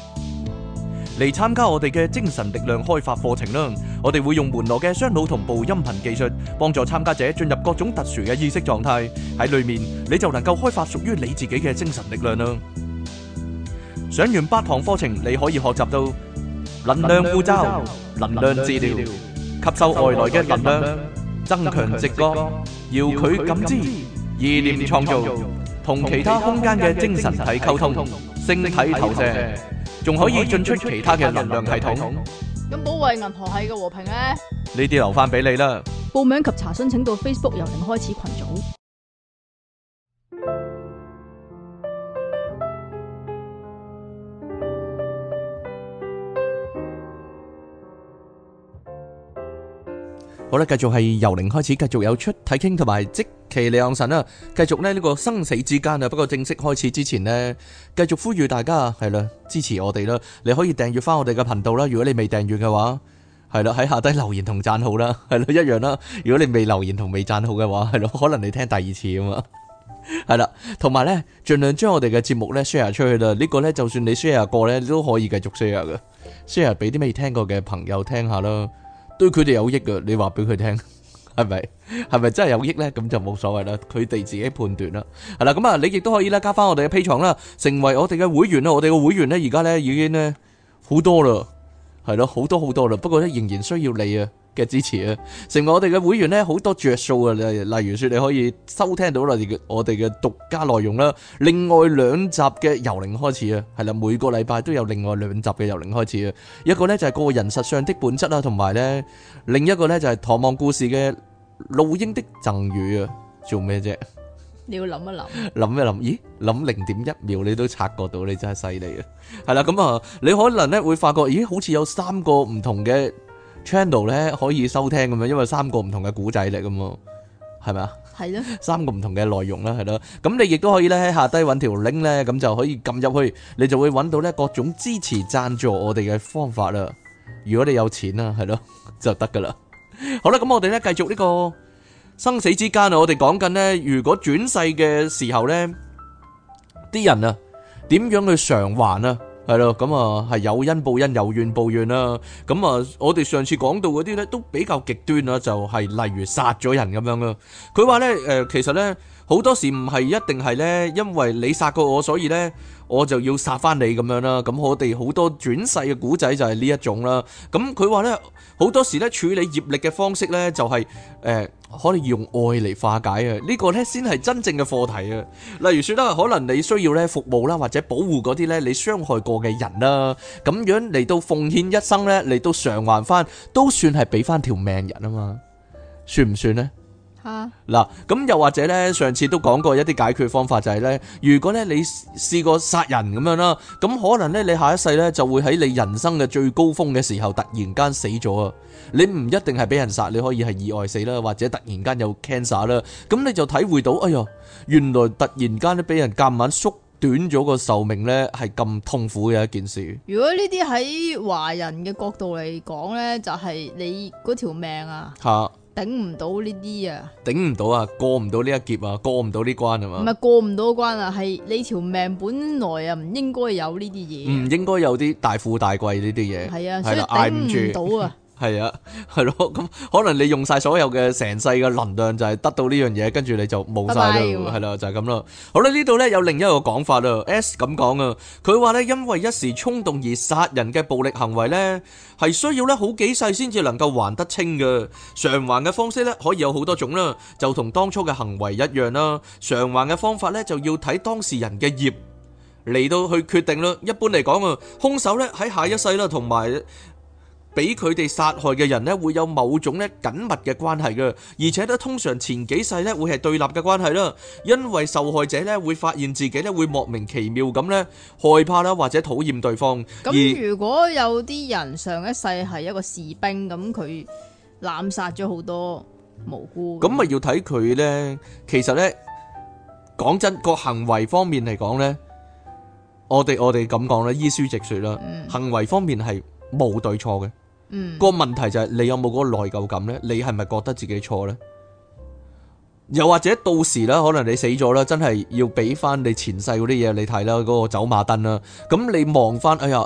[SPEAKER 1] 嚟參加我哋嘅精神力量開發課程啦！我哋會用門羅嘅雙腦同步音頻技術，幫助參加者進入各種特殊嘅意識狀態。喺裏面你就能夠開發屬於你自己嘅精神力量啦！上完八堂課程，你可以學習到能量護罩、能量治療、吸收外來嘅能量、增強直覺、遙距感知、意念創造、同其他空間嘅精神體溝通。晶體投射，仲可以進出其他嘅能量系統。
[SPEAKER 2] 咁保衛銀河系嘅和平咧？
[SPEAKER 1] 呢啲留翻俾你啦。
[SPEAKER 2] 報名及查詢，請到 Facebook 由零開始群組。
[SPEAKER 1] 好啦，繼續係由零開始，繼續有出睇傾同埋即期李昂神啦。繼續咧呢個生死之間啊！不過正式開始之前呢，繼續呼籲大家啊，係啦支持我哋啦。你可以訂閱翻我哋嘅頻道啦，如果你未訂閱嘅話，係啦喺下底留言同讚好啦，係啦一樣啦。如果你未留言同未讚好嘅話，係咯可能你聽第二次啊嘛。係啦，同埋呢，盡量將我哋嘅節目呢 share 出去啦。呢個呢，就算你 share 過呢，你都可以繼續 share 嘅，share 俾啲未聽過嘅朋友聽下啦。對佢哋有益嘅，你話俾佢聽係咪？係 咪真係有益咧？咁就冇所謂啦，佢哋自己判斷啦。係啦，咁啊，你亦都可以啦，加翻我哋嘅 P 廠啦，成為我哋嘅會員啦。我哋嘅會員咧，而家咧已經咧好多啦，係咯，好多好多啦。不過咧，仍然需要你啊，嘅支持啊，成為我哋嘅會員咧，好多着數啊！例例如説，你可以收聽到我哋嘅獨家內容啦。另外兩集嘅由零開始啊，係啦，每個禮拜都有另外兩集嘅由零開始啊。一個咧就係、是、個人實相的本質啦，同埋咧另一個咧就係、是《唐望故事》嘅露英的贈語啊。做咩啫？你
[SPEAKER 2] 要諗一諗，諗
[SPEAKER 1] 一諗，咦？諗零點一秒你都察覺到，你真係犀利啊！係啦，咁、嗯、啊、 嗯，你可能咧會發覺，咦？好似有三個唔同嘅。channel 咧可以收聽咁樣，因為三個唔同嘅古仔嚟，咁嘛，係咪啊？係咯，三個唔同嘅內容啦，係咯。咁你亦都可以咧喺下低揾條 link 咧，咁就可以撳入去，你就會揾到咧各種支持贊助我哋嘅方法啦。如果你有錢啦，係咯 就得噶啦。好啦，咁我哋咧繼續呢個生死之間啊，我哋講緊咧如果轉世嘅時候咧，啲人啊點樣去償還啊？係咯，咁啊係有恩報恩，有怨報怨啦。咁啊，我哋上次講到嗰啲咧，都比較極端啦，就係、是、例如殺咗人咁樣啦。佢話咧，誒、呃、其實咧好多時唔係一定係咧，因為你殺過我，所以咧我就要殺翻你咁樣啦。咁我哋好多轉世嘅古仔就係呢一種啦。咁佢話咧。好多時咧處理業力嘅方式咧就係誒，可能用愛嚟化解啊，呢個咧先係真正嘅課題啊。例如說咧，可能你需要咧服務啦，或者保護嗰啲咧你傷害過嘅人啦，咁樣嚟到奉獻一生咧嚟到償還翻，都算係俾翻條命人啊嘛，算唔算呢？嗱，咁又或者咧，上次都講過一啲解決方法，就係咧，如果咧你試過殺人咁樣啦，咁可能咧你下一世咧就會喺你人生嘅最高峰嘅時候突然間死咗啊！你唔一定係俾人殺，你可以係意外死啦，或者突然間有 cancer 啦，咁你就體會到，哎呀，原來突然間咧俾人夾硬縮短咗個壽命咧，係咁痛苦嘅一件事。
[SPEAKER 2] 如果呢啲喺華人嘅角度嚟講咧，就係你嗰條命啊。頂唔到呢啲啊，
[SPEAKER 1] 頂唔到啊，過唔到呢一劫啊，過唔到呢關啊嘛？唔
[SPEAKER 2] 係過唔到關啊，係你條命本來啊唔應該有呢啲嘢，
[SPEAKER 1] 唔應該有啲大富大貴呢啲嘢，係啊，所以捱唔住到啊，係啊，係咯，咁可能你用晒所有嘅成世嘅能量，就係得到呢樣嘢，跟住你就冇晒啦，係啦，就係咁啦。好啦，呢度咧有另一個講法啊，S 咁講啊，佢話咧因為一時衝動而殺人嘅暴力行為咧。係需要咧好幾世先至能夠還得清嘅，償還嘅方式咧可以有好多種啦，就同當初嘅行為一樣啦。償還嘅方法咧就要睇當事人嘅業嚟到去決定啦。一般嚟講啊，兇手咧喺下一世啦，同埋。俾佢哋殺害嘅人咧，會有某種咧緊密嘅關係嘅，而且咧通常前幾世咧會係對立嘅關係啦，因為受害者咧會發現自己咧會莫名其妙咁咧害怕啦或者討厭對方。咁如
[SPEAKER 2] 果有啲人上一世係一個士兵咁，佢濫殺咗好多無辜，
[SPEAKER 1] 咁咪要睇佢咧。其實咧講真，個行為方面嚟講咧，我哋我哋咁講啦，依書直說啦，行為方面係冇對錯嘅。個問題就係你有冇嗰個內疚感呢？你係咪覺得自己錯呢？又或者到時呢，可能你死咗啦，真係要俾翻你前世嗰啲嘢你睇啦，嗰個走馬燈啦。咁你望翻，哎呀，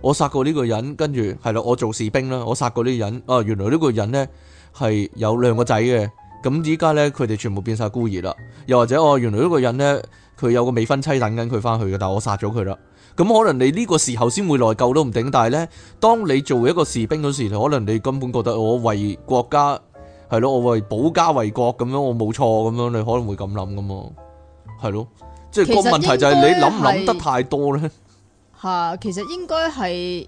[SPEAKER 1] 我殺過呢個人，跟住係啦，我做士兵啦，我殺過呢個人。哦，原來呢個人呢係有兩個仔嘅，咁而家呢，佢哋全部變晒孤兒啦。又或者哦，原來呢個人呢，佢有個未婚妻等緊佢翻去嘅，但我殺咗佢啦。咁可能你呢個時候先會內疚都唔定，但係呢，當你做一個士兵嘅時候，可能你根本覺得我為國家係咯，我為保家衛國咁樣，我冇錯咁樣，你可能會咁諗噶嘛，係咯，即係個問題就係你諗唔諗得太多呢？
[SPEAKER 2] 吓，其實應該係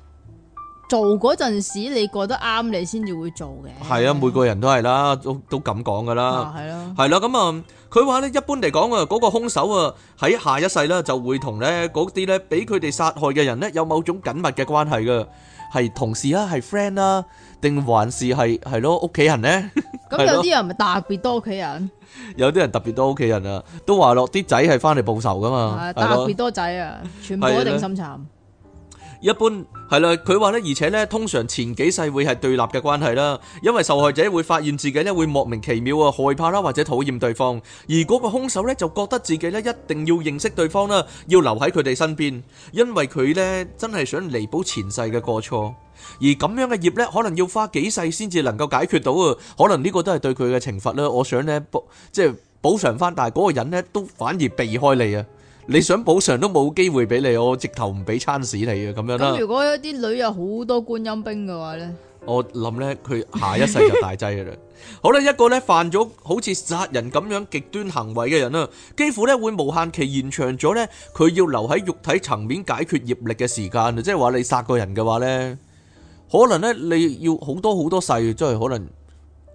[SPEAKER 2] 做嗰陣時，你覺得啱，你先至會做
[SPEAKER 1] 嘅。係啊，每個人都係啦，都都咁講噶啦，係咯，係咯，咁啊。佢話咧，一般嚟講啊，嗰個兇手啊喺下一世啦，就會同咧嗰啲咧俾佢哋殺害嘅人咧有某種緊密嘅關係㗎，係同事啊，係 friend 啦，定還是係係咯屋企人咧？
[SPEAKER 2] 咁有啲人咪特別多屋企人？
[SPEAKER 1] 有啲人特別多屋企人啊，都話落啲仔係翻嚟報仇噶嘛，特別多
[SPEAKER 2] 仔啊，全部一定心慘。一
[SPEAKER 1] 般係啦，佢話咧，而且咧，通常前幾世會係對立嘅關係啦，因為受害者會發現自己咧會莫名其妙啊害怕啦，或者討厭對方，而嗰個兇手咧就覺得自己咧一定要認識對方啦，要留喺佢哋身邊，因為佢咧真係想彌補前世嘅過錯，而咁樣嘅業咧可能要花幾世先至能夠解決到啊，可能呢個都係對佢嘅懲罰啦。我想咧補即係補償翻，但係嗰個人咧都反而避開你啊。你想補償都冇機會俾你，我直頭唔俾餐屎你啊咁樣啦。如
[SPEAKER 2] 果有啲女有好多觀音兵嘅話咧，
[SPEAKER 1] 我諗咧佢下一世就大劑嘅啦。 好啦，一個咧犯咗好似殺人咁樣極端行為嘅人啦，幾乎咧會無限期延長咗咧佢要留喺肉體層面解決業力嘅時間。即係話你殺個人嘅話咧，可能咧你要好多好多世，即係可能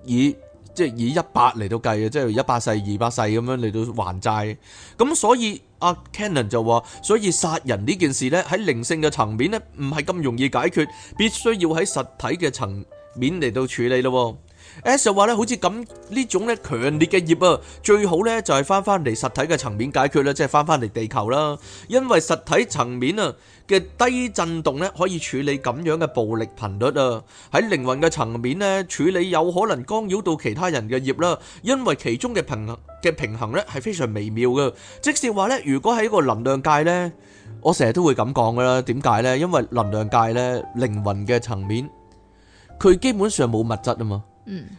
[SPEAKER 1] 以。即係以一百嚟到計嘅，即係一百世、二百世咁樣嚟到還債。咁所以阿 Canon 就話，所以殺人呢件事咧，喺靈性嘅層面咧，唔係咁容易解決，必須要喺實體嘅層面嚟到處理咯。S 就話咧，好似咁呢種咧，強烈嘅業啊，最好咧就係翻翻嚟實體嘅層面解決啦，即係翻翻嚟地球啦。因為實體層面啊嘅低震動咧，可以處理咁樣嘅暴力頻率啊。喺靈魂嘅層面咧，處理有可能干擾到其他人嘅業啦。因為其中嘅平嘅平衡咧係非常微妙嘅。即係話咧，如果喺個能量界咧，我成日都會咁講噶啦。點解咧？因為能量界咧靈魂嘅層面，佢基本上冇物質啊嘛。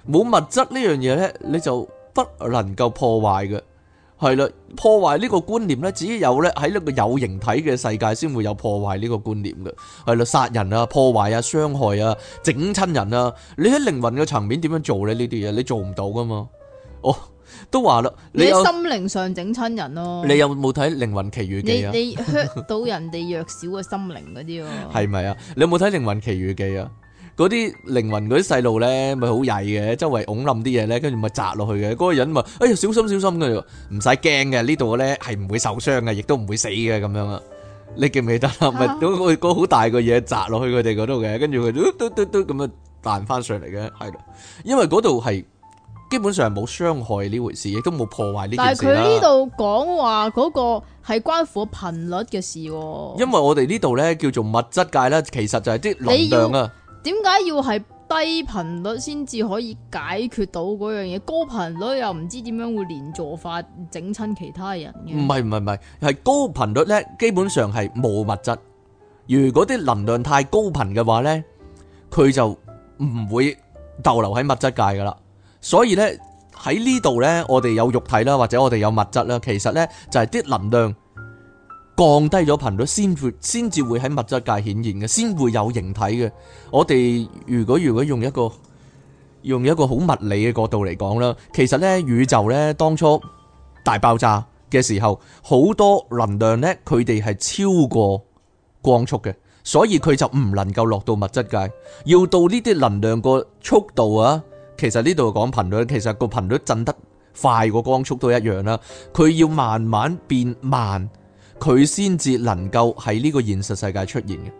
[SPEAKER 1] 冇物質呢樣嘢咧，你就不能夠破壞嘅，係啦。破壞呢個觀念咧，只有咧喺呢個有形體嘅世界先會有破壞呢個觀念嘅，係啦，殺人啊，破壞啊，傷害啊，整親人啊，你喺靈魂嘅層面點樣做咧？呢啲嘢你做唔到噶嘛？哦，都話啦，你喺心
[SPEAKER 2] 靈上整親人咯。你有
[SPEAKER 1] 冇睇《靈魂奇遇記》啊？你 hurt
[SPEAKER 2] 到人哋弱小嘅心靈嗰啲啊？
[SPEAKER 1] 係咪 啊？你有冇睇《靈魂奇遇記》啊？嗰啲靈魂嗰啲細路咧，咪好曳嘅，周圍擁冧啲嘢咧，跟住咪砸落去嘅。嗰個人咪，哎呀小心小心，跟住唔使驚嘅，呢度咧係唔會受傷嘅，亦都唔會死嘅咁樣啊。你記唔記得啦？咪嗰個嗰好大個嘢砸落去佢哋嗰度嘅，跟住佢嘟嘟嘟嘟咁樣彈翻上嚟嘅，係咯，因為嗰度係基本上係冇傷害呢回事，亦都冇破壞呢件事啦。但係佢呢度
[SPEAKER 2] 講話嗰個係關乎頻率嘅事喎，因
[SPEAKER 1] 為我哋呢度咧叫做物質界啦，其實就係啲能量啊。
[SPEAKER 2] 點解要係低頻率先至可以解決到嗰樣嘢？高頻率又唔知點樣會連坐法整親其他人嘅？唔
[SPEAKER 1] 係唔係唔係，係高頻率咧，基本上係冇物質。如果啲能量太高頻嘅話咧，佢就唔會逗留喺物質界噶啦。所以咧喺呢度咧，我哋有肉體啦，或者我哋有物質啦，其實咧就係啲能量。降低咗頻率先會先至會喺物質界顯現嘅，先會有形體嘅。我哋如果如果用一個用一個好物理嘅角度嚟講啦，其實呢宇宙呢當初大爆炸嘅時候，好多能量呢，佢哋係超過光速嘅，所以佢就唔能夠落到物質界。要到呢啲能量個速度啊，其實呢度講頻率，其實個頻率震得快過光速都一樣啦。佢要慢慢變慢。佢先至能夠喺呢個現實世界出現嘅，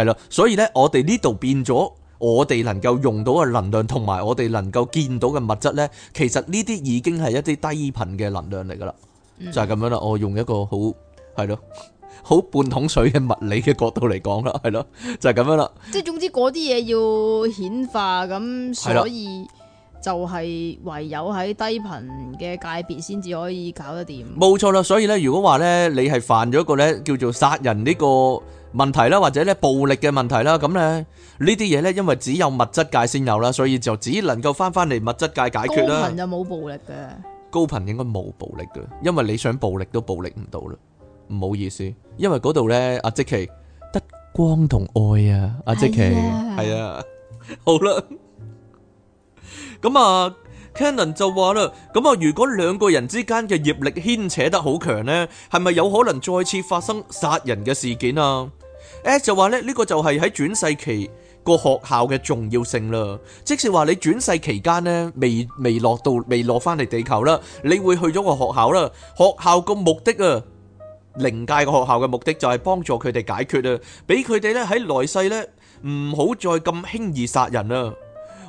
[SPEAKER 1] 係啦，所以呢，我哋呢度變咗，我哋能夠用到嘅能量同埋我哋能夠見到嘅物質呢，其實呢啲已經係一啲低頻嘅能量嚟噶啦，嗯、就係咁樣啦。我用一個好，係咯，好半桶水嘅物理嘅角度嚟講啦，係咯，就係、係、咁樣啦。
[SPEAKER 2] 即係總之嗰啲嘢要顯化咁，所以。就係唯有喺低頻嘅界別先至可以搞得掂。
[SPEAKER 1] 冇錯啦，所以咧，如果話咧，你係犯咗一個咧叫做殺人呢個問題啦，或者咧暴力嘅問題啦，咁咧呢啲嘢咧，因為只有物質界先有啦，所以就只能夠翻翻嚟物質界解決啦。高頻
[SPEAKER 2] 就冇暴力嘅。
[SPEAKER 1] 高頻應該冇暴力嘅，因為你想暴力都暴力唔到啦。唔好意思，因為嗰度咧，阿即奇，德光同愛啊，阿即奇係啊，好啦。咁啊，Canon 就話啦，咁啊，如果兩個人之間嘅業力牽扯得好強呢，係咪有可能再次發生殺人嘅事件啊？At 就話咧，呢個就係喺轉世期個學校嘅重要性啦，即使話你轉世期間呢，未未落到未落翻嚟地球啦，你會去咗個學校啦，學校個目的啊，靈界個學校嘅目的就係幫助佢哋解決啊，俾佢哋咧喺來世咧唔好再咁輕易殺人啊。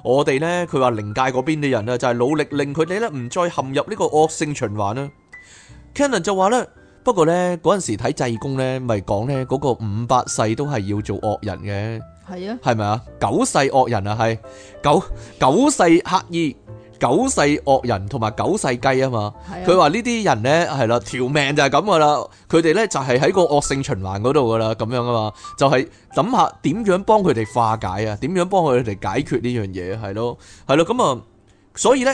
[SPEAKER 1] 我哋咧，佢話靈界嗰邊嘅人啊，就係努力令佢哋咧唔再陷入呢個惡性循環啦。Canon 就話咧，不過咧，嗰陣時睇濟公咧，咪講咧嗰個五百世都係要做惡人嘅，係啊，係咪啊？九世惡人啊，係九九世刻意。九世惡人同埋九世雞啊嘛，佢話呢啲人呢係啦，條命就係咁噶啦，佢哋呢就係喺個惡性循環嗰度噶啦，咁樣啊嘛，就係諗下點樣幫佢哋化解啊，點樣幫佢哋解決呢樣嘢，係咯，係咯，咁啊，所以呢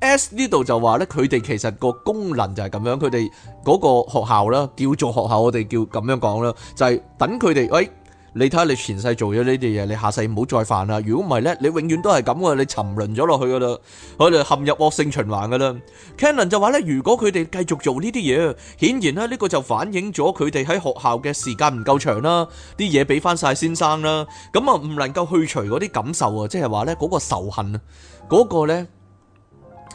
[SPEAKER 1] S 呢度就話呢，佢哋其實個功能就係咁樣，佢哋嗰個學校啦，叫做學校，我哋叫咁樣講啦，就係等佢哋喂。你睇下你前世做咗呢啲嘢，你下世唔好再犯啦。如果唔係咧，你永遠都係咁嘅，你沉淪咗落去嘅啦，佢哋陷入惡性循環嘅啦。Canon 就話咧，如果佢哋繼續做呢啲嘢，顯然咧呢個就反映咗佢哋喺學校嘅時間唔夠長啦，啲嘢俾翻晒先生啦，咁啊唔能夠去除嗰啲感受啊，即係話咧嗰個仇恨啊，嗰個咧。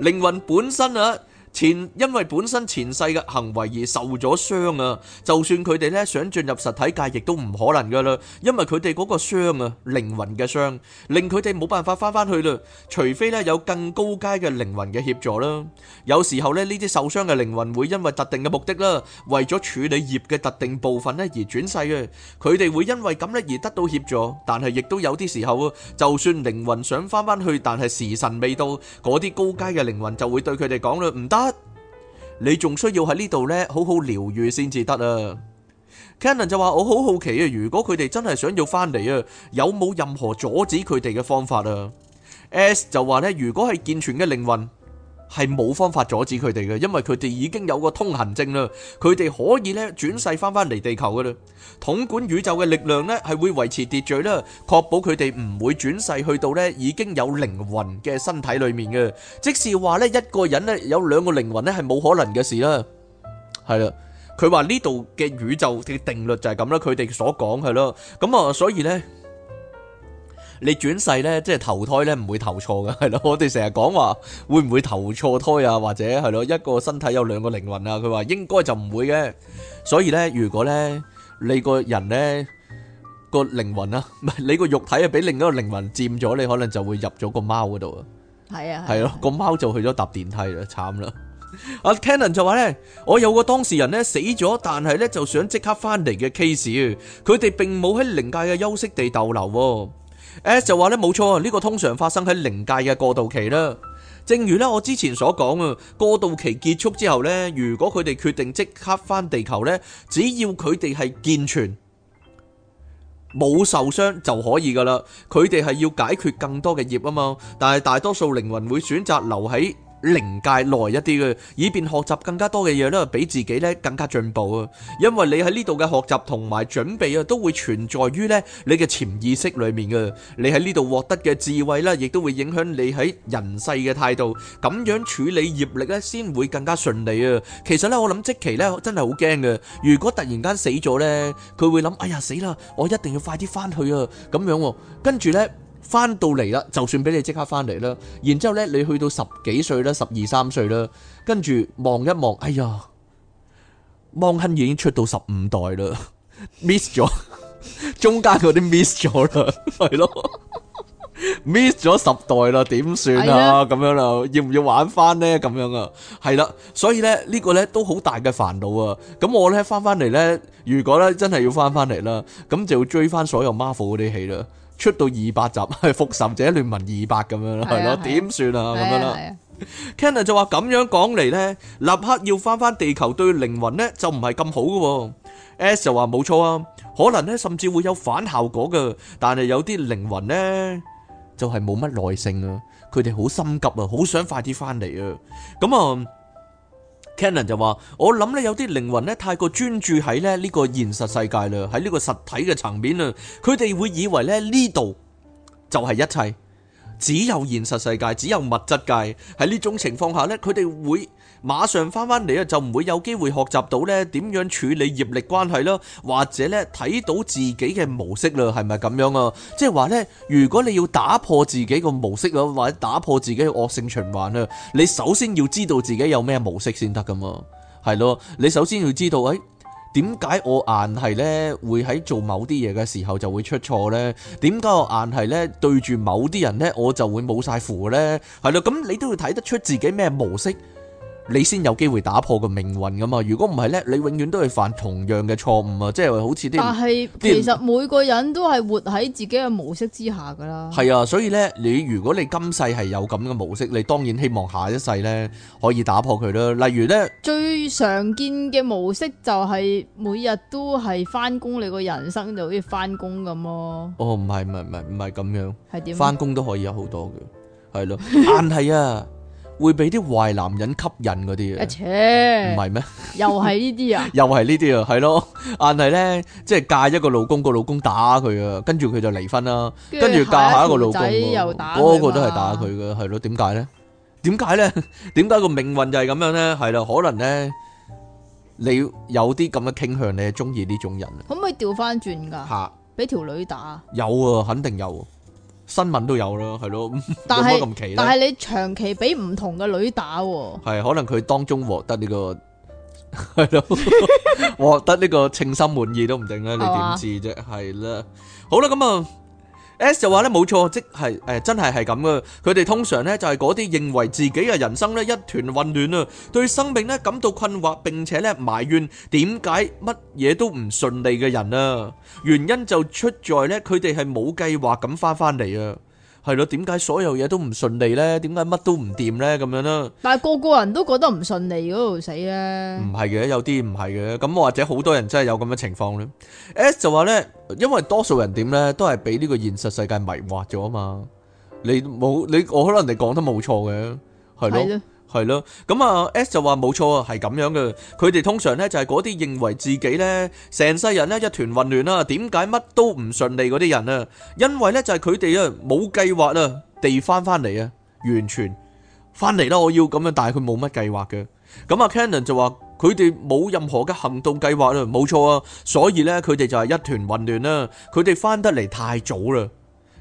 [SPEAKER 1] 靈魂本身啊。前因為本身前世嘅行為而受咗傷啊，就算佢哋咧想進入實體界，亦都唔可能噶啦，因為佢哋嗰個傷啊，靈魂嘅傷，令佢哋冇辦法翻翻去啦。除非咧有更高階嘅靈魂嘅協助啦。有時候咧，呢啲受傷嘅靈魂會因為特定嘅目的啦，為咗處理業嘅特定部分咧而轉世啊。佢哋會因為咁咧而得到協助，但係亦都有啲時候啊，就算靈魂想翻翻去，但係時辰未到，嗰啲高階嘅靈魂就會對佢哋講啦，唔得。你仲需要喺呢度呢好好療愈，先至得啊。Cannon 就話，我好好奇啊，如果佢哋真係想要翻嚟啊，有冇任何阻止佢哋嘅方法啊？S 就話呢，如果係健全嘅靈魂。係冇方法阻止佢哋嘅，因為佢哋已經有個通行證啦，佢哋可以咧轉世翻翻嚟地球㗎啦。統管宇宙嘅力量咧係會維持秩序啦，確保佢哋唔會轉世去到咧已經有靈魂嘅身體裏面嘅，即是話咧一個人咧有兩個靈魂咧係冇可能嘅事啦。係啦，佢話呢度嘅宇宙嘅定律就係咁啦，佢哋所講係咯，咁啊所以咧。你轉世咧，即係投胎咧，唔會投錯嘅，係咯。我哋成日講話會唔會投錯胎啊？或者係咯，一個身體有兩個靈魂啊？佢話應該就唔會嘅。所以咧，如果咧你個人咧個靈魂啊，唔係你個肉體啊，俾另一個靈魂佔咗，你可能就會入咗個貓嗰度啊。
[SPEAKER 2] 係啊，係
[SPEAKER 1] 咯，個貓就去咗搭電梯啦，慘啦。阿 Canon 就話咧，我有個當事人咧死咗，但係咧就想即刻翻嚟嘅 case，佢哋並冇喺靈界嘅休息地逗留。S, S 就話咧，冇錯啊，呢、呢個通常發生喺靈界嘅過渡期啦。正如咧我之前所講啊，過渡期結束之後呢，如果佢哋決定即刻翻地球呢，只要佢哋係健全，冇受傷就可以噶啦。佢哋係要解決更多嘅業啊嘛，但係大多數靈魂會選擇留喺。靈界耐一啲嘅，以便學習更加多嘅嘢啦，俾自己咧更加進步啊！因為你喺呢度嘅學習同埋準備啊，都會存在於咧你嘅潛意識裏面嘅。你喺呢度獲得嘅智慧啦，亦都會影響你喺人世嘅態度，咁樣處理業力咧，先會更加順利啊！其實咧，我諗即期咧真係好驚嘅，如果突然間死咗咧，佢會諗：哎呀死啦！我一定要快啲翻去啊！咁樣，跟住咧。翻到嚟啦，就算俾你即刻翻嚟啦，然之後咧，你去到十幾歲啦，十二三歲啦，跟住望一望，哎呀，芒亨已經出到十五代啦，miss 咗， 中間嗰啲 miss 咗啦，係咯，miss 咗十代啦，點算啊？咁樣啊，要唔要玩翻呢？咁樣啊，係啦，所以咧呢個咧都好大嘅煩惱啊。咁我咧翻翻嚟咧，如果咧真係要翻翻嚟啦，咁就要追翻所有 Marvel 嗰啲戲啦。出到二百集係《復仇者聯盟二百》咁 樣咯，係咯，點算啊咁、啊啊啊、樣啦？Ken 就話咁樣講嚟呢，立刻要翻翻地球對靈魂呢，就唔係咁好嘅。S, S, S 就話冇錯啊，可能呢，甚至會有反效果嘅，但係有啲靈魂呢，就係冇乜耐性啊，佢哋好心急啊，好想快啲翻嚟啊，咁啊。Canon 就話：我諗咧，有啲靈魂咧，太過專注喺咧呢個現實世界啦，喺呢個實體嘅層面啊，佢哋會以為咧呢度就係一切，只有現實世界，只有物質界。喺呢種情況下咧，佢哋會，馬上翻翻嚟啊，就唔會有機會學習到咧點樣處理業力關係啦，或者咧睇到自己嘅模式啦，係咪咁樣啊？即係話呢，如果你要打破自己個模式啊，或者打破自己嘅惡性循環啊，你首先要知道自己有咩模式先得噶嘛，係咯？你首先要知道誒，點解我硬係呢會喺做某啲嘢嘅時候就會出錯呢？點解我硬係呢對住某啲人呢，我就會冇晒符呢？係咯？咁你都要睇得出自己咩模式？你先有機會打破個命運㗎嘛？如果唔係咧，你永遠都係犯同樣嘅錯誤啊！即係好似啲，但係
[SPEAKER 2] 其實每個人都係活喺自己嘅模式之下㗎啦。係
[SPEAKER 1] 啊，所以咧，你如果你今世係有咁嘅模式，你當然希望下一世咧可以打破佢啦。例如咧，
[SPEAKER 2] 最常見嘅模式就係每日都係翻工，你個人生就好似翻工咁咯。
[SPEAKER 1] 哦，唔係唔係唔係唔係咁樣，係點翻工都可以有好多嘅，係咯，但係啊。 會俾啲壞男人吸引嗰啲啊！唔係咩？又係呢啲啊！又係呢啲啊！係咯，但係咧，即係嫁一個老公，個老公打佢啊，跟住佢就離婚啦，跟住嫁下一個老公，個個都係打佢噶，係咯？點解咧？點解咧？點解個命運就係咁樣咧？係啦，可能咧，你有啲咁嘅傾向，你係中意呢種人。
[SPEAKER 2] 可唔可以調翻轉噶？俾條女打？
[SPEAKER 1] 有啊，肯定有。新聞都有咯，係咯，唔開咁奇啦。但係
[SPEAKER 2] 你長期俾唔同嘅女打、啊，
[SPEAKER 1] 係可能佢當中獲得呢、呢個係咯， 獲得呢個稱心滿意都唔定啦。你點知啫？係啦、哦啊，好啦，咁啊。S, S 就話咧冇錯，即係誒、呃，真係係咁噶佢哋通常咧就係嗰啲認為自己嘅人生咧一團混亂啊，對生命咧感到困惑，並且咧埋怨點解乜嘢都唔順利嘅人啊。原因就出在咧，佢哋係冇計劃咁翻翻嚟啊。係咯，點解所有嘢都唔順利咧？點解乜都唔掂咧？咁樣咯。
[SPEAKER 2] 但係個個人都覺得唔順利嗰度死咧。唔
[SPEAKER 1] 係嘅，有啲唔係嘅。咁或者好多人真係有咁嘅情況咧。S 就話咧，因為多數人點咧，都係俾呢個現實世界迷惑咗啊嘛。你冇你，我可能你講得冇錯嘅，係咯。係咯，咁啊 S 就話冇錯啊，係咁樣嘅。佢哋通常咧就係嗰啲認為自己咧成世人咧一團混亂啦，點解乜都唔順利嗰啲人啊？因為咧就係佢哋啊冇計劃啊，地翻翻嚟啊，完全翻嚟啦，我要咁樣，但係佢冇乜計劃嘅。咁啊 Cannon 就話佢哋冇任何嘅行動計劃啊，冇錯啊，所以咧佢哋就係一團混亂啦，佢哋翻得嚟太早啦。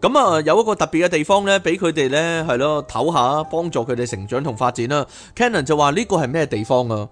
[SPEAKER 1] 咁啊、嗯，有一個特別嘅地方咧，俾佢哋咧係咯，唞下幫助佢哋成長同發展啦。Canon 就話呢個係咩地方啊？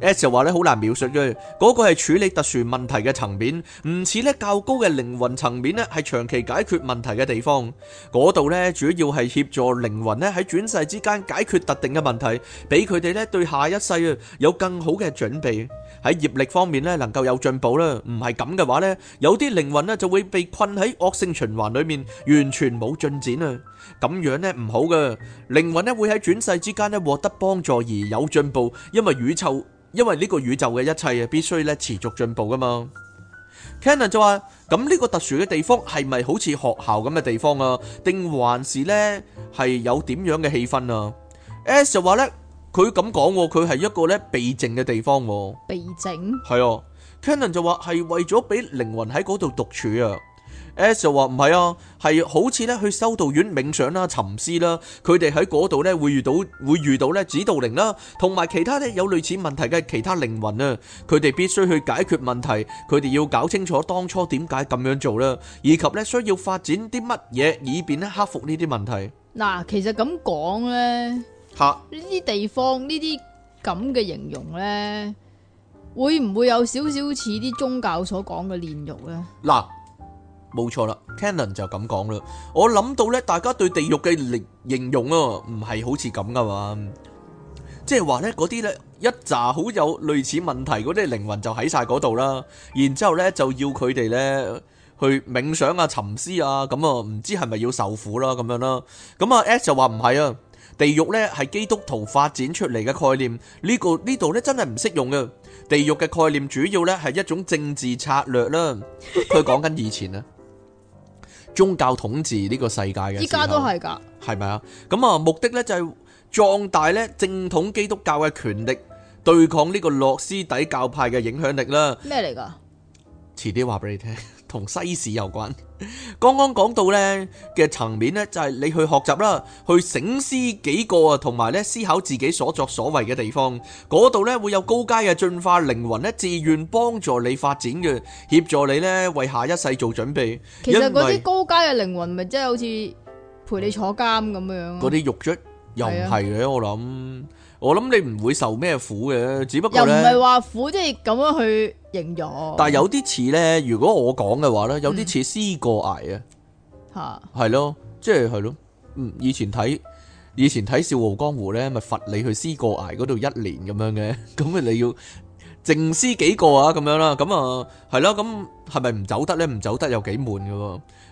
[SPEAKER 1] S 話咧好難描述嘅，嗰、嗰個係處理特殊問題嘅層面，唔似咧較高嘅靈魂層面咧係長期解決問題嘅地方。嗰度咧主要係協助靈魂咧喺轉世之間解決特定嘅問題，俾佢哋咧對下一世啊有更好嘅準備。喺業力方面咧能夠有進步啦，唔係咁嘅話咧，有啲靈魂咧就會被困喺惡性循環裏面，完全冇進展啊。咁樣呢唔好嘅，靈魂咧會喺轉世之間咧獲得幫助而有進步，因為宇宙，因為呢個宇宙嘅一切啊必須咧持續進步噶嘛。Cannon 就話：咁、這、呢個特殊嘅地方係咪好似學校咁嘅地方啊？定還是呢係有點樣嘅氣氛啊？S 就話呢佢咁講，佢係一個咧避靜嘅地方。
[SPEAKER 2] 避靜。
[SPEAKER 1] 係啊，Cannon 就話係為咗俾靈魂喺嗰度獨處啊。S 就話唔係啊，係好似咧去修道院冥想啦、沉思啦，佢哋喺嗰度咧會遇到會遇到咧指導靈啦，同埋其他咧有類似問題嘅其他靈魂啊，佢哋必須去解決問題，佢哋要搞清楚當初點解咁樣做啦，以及咧需要發展啲乜嘢以便咧克服呢啲問題。
[SPEAKER 2] 嗱，其實咁講咧，呢啲哈地方呢啲咁嘅形容咧，會唔會有少少似啲宗教所講嘅煉獄咧？
[SPEAKER 1] 嗱。冇錯啦，Canon 就咁講啦。我諗到咧，大家對地獄嘅定形容啊，唔係好似咁噶嘛。即係話咧，嗰啲咧一紮好有類似問題嗰啲靈魂就喺曬嗰度啦。然之後咧，就要佢哋咧去冥想啊、沉思啊。咁啊，唔知係咪要受苦啦？咁樣啦。咁啊，S 就話唔係啊。地獄咧係基督徒發展出嚟嘅概念，呢個呢度咧真係唔識用噶。地獄嘅概念主要咧係一種政治策略啦。佢講緊以前啊。宗教統治呢個世界嘅，依家都係噶，係咪啊？咁啊，目的呢就係壯大呢正統基督教嘅權力，對抗呢個洛斯底教派嘅影響力啦。咩嚟噶？遲啲話俾你聽，同 西史有關。剛剛講到呢嘅層面呢，就係你去學習啦，去醒思幾個啊，同埋呢思考自己所作所為嘅地方，嗰度呢會有高階嘅進化靈魂呢，自願幫助你發展嘅協助你呢為下一世做準備。其實嗰啲高
[SPEAKER 2] 階嘅靈魂咪即係好似陪你坐監咁樣啊！嗰啲
[SPEAKER 1] 獄卒又唔係嘅，我諗。我諗你唔會受咩苦嘅，只不過又唔係話
[SPEAKER 2] 苦，即係咁樣去形容。但係有
[SPEAKER 1] 啲似咧，如果我講嘅話咧，有啲似思過崖啊，吓係咯，即係係咯，嗯，以前睇以前睇《笑傲江湖》咧，咪罰你去思過崖嗰度一年咁樣嘅，咁 啊你要靜思幾個啊，咁樣啦，咁啊係咯，咁係咪唔走得咧？唔走得又幾悶㗎喎。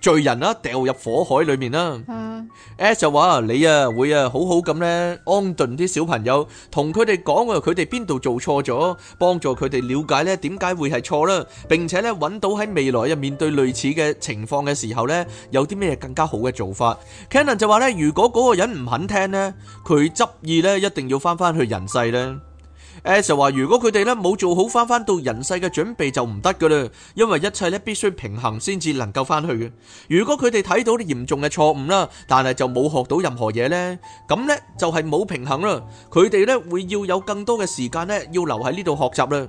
[SPEAKER 1] 罪人啦，掉入火海裏面啦。誒、嗯、就話你啊，會啊好好咁咧安頓啲小朋友，同佢哋講啊，佢哋邊度做錯咗，幫助佢哋了解咧點解會係錯啦。並且咧揾到喺未來啊面對類似嘅情況嘅時候咧，有啲咩更加好嘅做法。Canon 就話咧，如果嗰個人唔肯聽咧，佢執意咧一定要返返去人世咧。S 就話：如果佢哋咧冇做好翻翻到人世嘅準備就唔得噶啦，因為一切咧必須平衡先至能夠翻去嘅。如果佢哋睇到咧嚴重嘅錯誤啦，但係就冇學到任何嘢咧，咁咧就係冇平衡啦。佢哋咧會要有更多嘅時間咧要留喺呢度學習啦。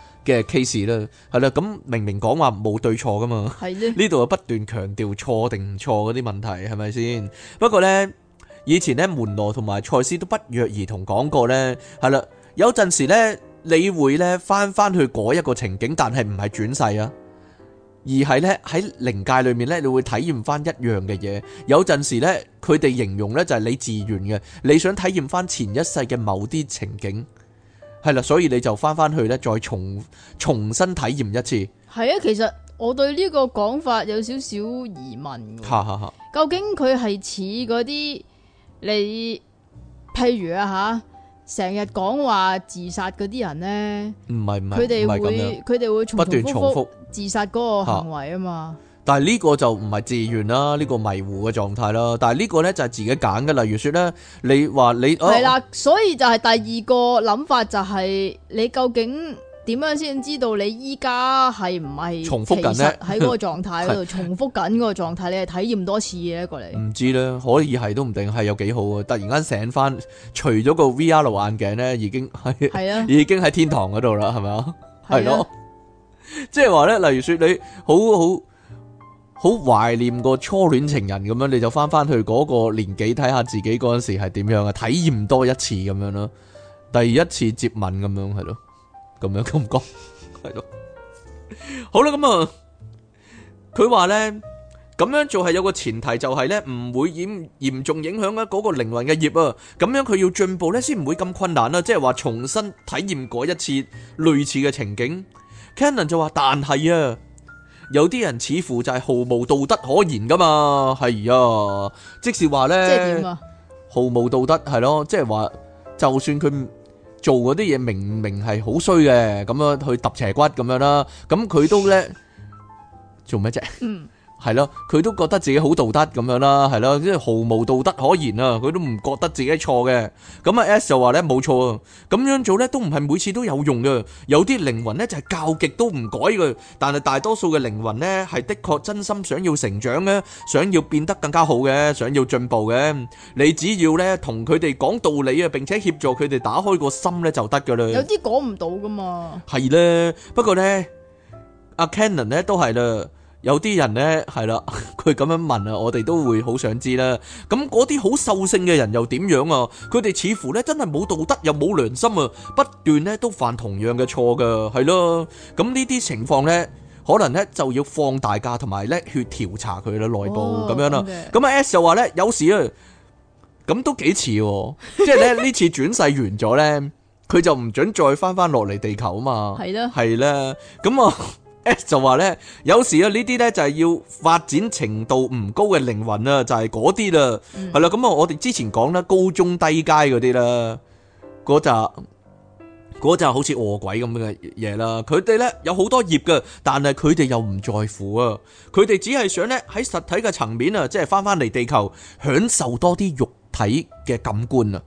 [SPEAKER 1] 嘅 case 啦，係啦，咁明明講話冇對錯噶嘛，呢度又不斷強調錯定唔錯嗰啲問題，係咪先？不過呢，以前咧門羅同埋賽斯都不約而同講過呢，係啦，有陣時呢，你會呢翻翻去嗰一個情景，但係唔係轉世啊，而係呢，喺靈界裏面呢，你會體驗翻一樣嘅嘢。有陣時呢，佢哋形容呢就係你自願嘅，你想體驗翻前一世嘅某啲情景。係啦，所以你就翻翻去咧，再重重新體驗一次。
[SPEAKER 2] 係啊，其實我對呢個講法有少少疑問。 究竟佢係似嗰啲你，譬如啊嚇，成日講話自殺嗰啲人呢？
[SPEAKER 1] 唔係唔係唔係咁樣，佢哋會不斷重複，不斷重複
[SPEAKER 2] 自殺嗰個行為啊嘛。
[SPEAKER 1] 但係呢個就唔係自願啦，呢個迷糊嘅狀態啦。但係呢個咧就係自己揀嘅，例如說咧，你話你係啦，
[SPEAKER 2] 所以就係第二個諗法就係你究竟點樣先知道你依家係唔係重複緊咧？喺嗰個狀態嗰度重複緊嗰個狀態，你係體驗多次嘢過嚟。唔
[SPEAKER 1] 知啦，可以係都唔定係有幾好啊！突然間醒翻，除咗個 V R 眼鏡咧，已經係已經喺天堂嗰度啦，係咪啊？係咯，即係話咧，例如說你好好。好懷念個初戀情人咁樣，你就返返去嗰個年紀睇下自己嗰陣時係點樣啊，體驗多一次咁樣咯，第一次接吻咁樣係咯，咁樣覺唔覺？係咯，好啦，咁啊，佢話咧，咁樣做係有個前提，就係咧唔會影嚴重影響啊嗰個靈魂嘅業啊，咁樣佢要進步咧，先唔會咁困難啦，即係話重新體驗嗰一次類似嘅情景。Cannon 就話，但係啊。有啲人似乎就係毫無道德可言噶嘛，係啊，啊，啊，即是話咧，即係點啊？毫無道德係咯，即係話，就算佢做嗰啲嘢明明係好衰嘅，咁樣去揼邪骨咁樣啦，咁佢都咧 做乜啫？嗯係咯，佢都覺得自己好道德咁樣啦，係咯，即係毫無道德可言啊！佢都唔覺得自己錯嘅。咁啊 S 就話咧，冇錯啊，咁樣做咧都唔係每次都有用嘅，有啲靈魂咧就係教極都唔改嘅，但係大多數嘅靈魂咧係的確真心想要成長嘅，想要變得更加好嘅，想要進步嘅。你只要咧同佢哋講道理啊，並且協助佢哋打開個心咧就得㗎喇。有
[SPEAKER 2] 啲講唔到噶嘛。
[SPEAKER 1] 係咧，不過咧，阿 Canon 咧都係啦。有啲人咧，係啦，佢咁樣問啊，我哋都會好想知啦。咁嗰啲好獸性嘅人又點樣啊？佢哋似乎咧真係冇道德又冇良心啊，不斷咧都犯同樣嘅錯噶，係。咯。咁呢啲情況咧，可能咧就要放大假同埋叻血調查佢嘅內部咁樣啦。咁阿 S 就話咧，有時啊，咁都幾似，即係咧呢次轉世完咗咧，佢就唔准再翻翻落嚟地球啊嘛。係啦，係啦，咁啊。S S 就話咧，有時啊，呢啲咧就係要發展程度唔高嘅靈魂啊，就係嗰啲啦，係啦、mm。咁、hmm. 啊，我哋之前講咧，高中低階嗰啲啦，嗰陣嗰陣好似餓鬼咁嘅嘢啦。佢哋咧有好多業嘅，但係佢哋又唔在乎啊。佢哋只係想咧喺實體嘅層面啊，即係翻翻嚟地球，享受多啲肉體嘅感官啊。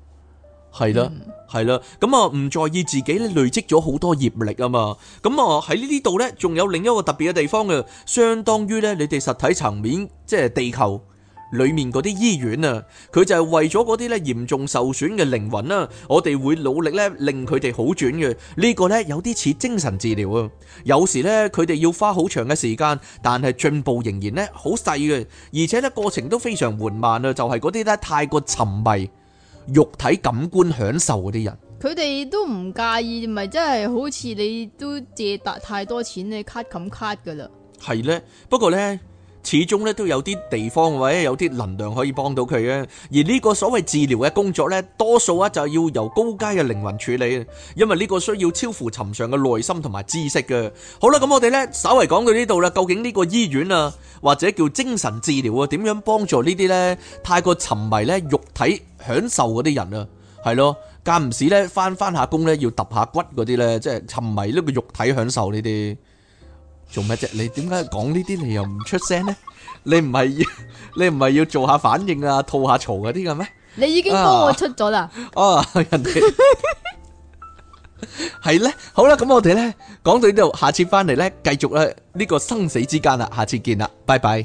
[SPEAKER 1] 係啦，係啦，咁啊唔在意自己累積咗好多業力啊嘛。咁啊喺呢度呢，仲有另一個特別嘅地方嘅，相當於呢，你哋實體層面，即係地球裏面嗰啲醫院啊，佢就係為咗嗰啲呢嚴重受損嘅靈魂啊。我哋會努力呢，令佢哋好轉嘅。呢個呢，有啲似精神治療啊。有時呢，佢哋要花好長嘅時間，但係進步仍然呢，好細嘅，而且呢，過程都非常緩慢啊。就係嗰啲呢，太過沉迷。肉體感官享受嗰啲人，
[SPEAKER 2] 佢哋都唔介意，咪真係好似你都借達太多錢，你 cut 咁 cut 噶啦。
[SPEAKER 1] 係咧，不過咧，始終咧都有啲地方或者有啲能量可以幫到佢啊。而呢個所謂治療嘅工作咧，多數啊就要由高階嘅靈魂處理，因為呢個需要超乎尋常嘅耐心同埋知識噶。好啦，咁我哋咧，稍微講到呢度啦。究竟呢個醫院啊，或者叫精神治療啊，點樣幫助呢啲咧太過沉迷咧肉體？享受嗰啲人啊，係咯，間唔時咧翻翻下工咧要揼下骨嗰啲咧，即係沉迷呢個肉體享受呢啲，做咩啫？你點解講呢啲你又唔出聲咧？你唔係你唔係要做下反應啊，吐下槽嗰啲嘅咩？
[SPEAKER 2] 你已經幫我出咗啦。
[SPEAKER 1] 哦，人哋係咧，好啦，咁我哋咧講到呢度，下次翻嚟咧繼續咧呢個生死之間啦，下次見啦，拜拜。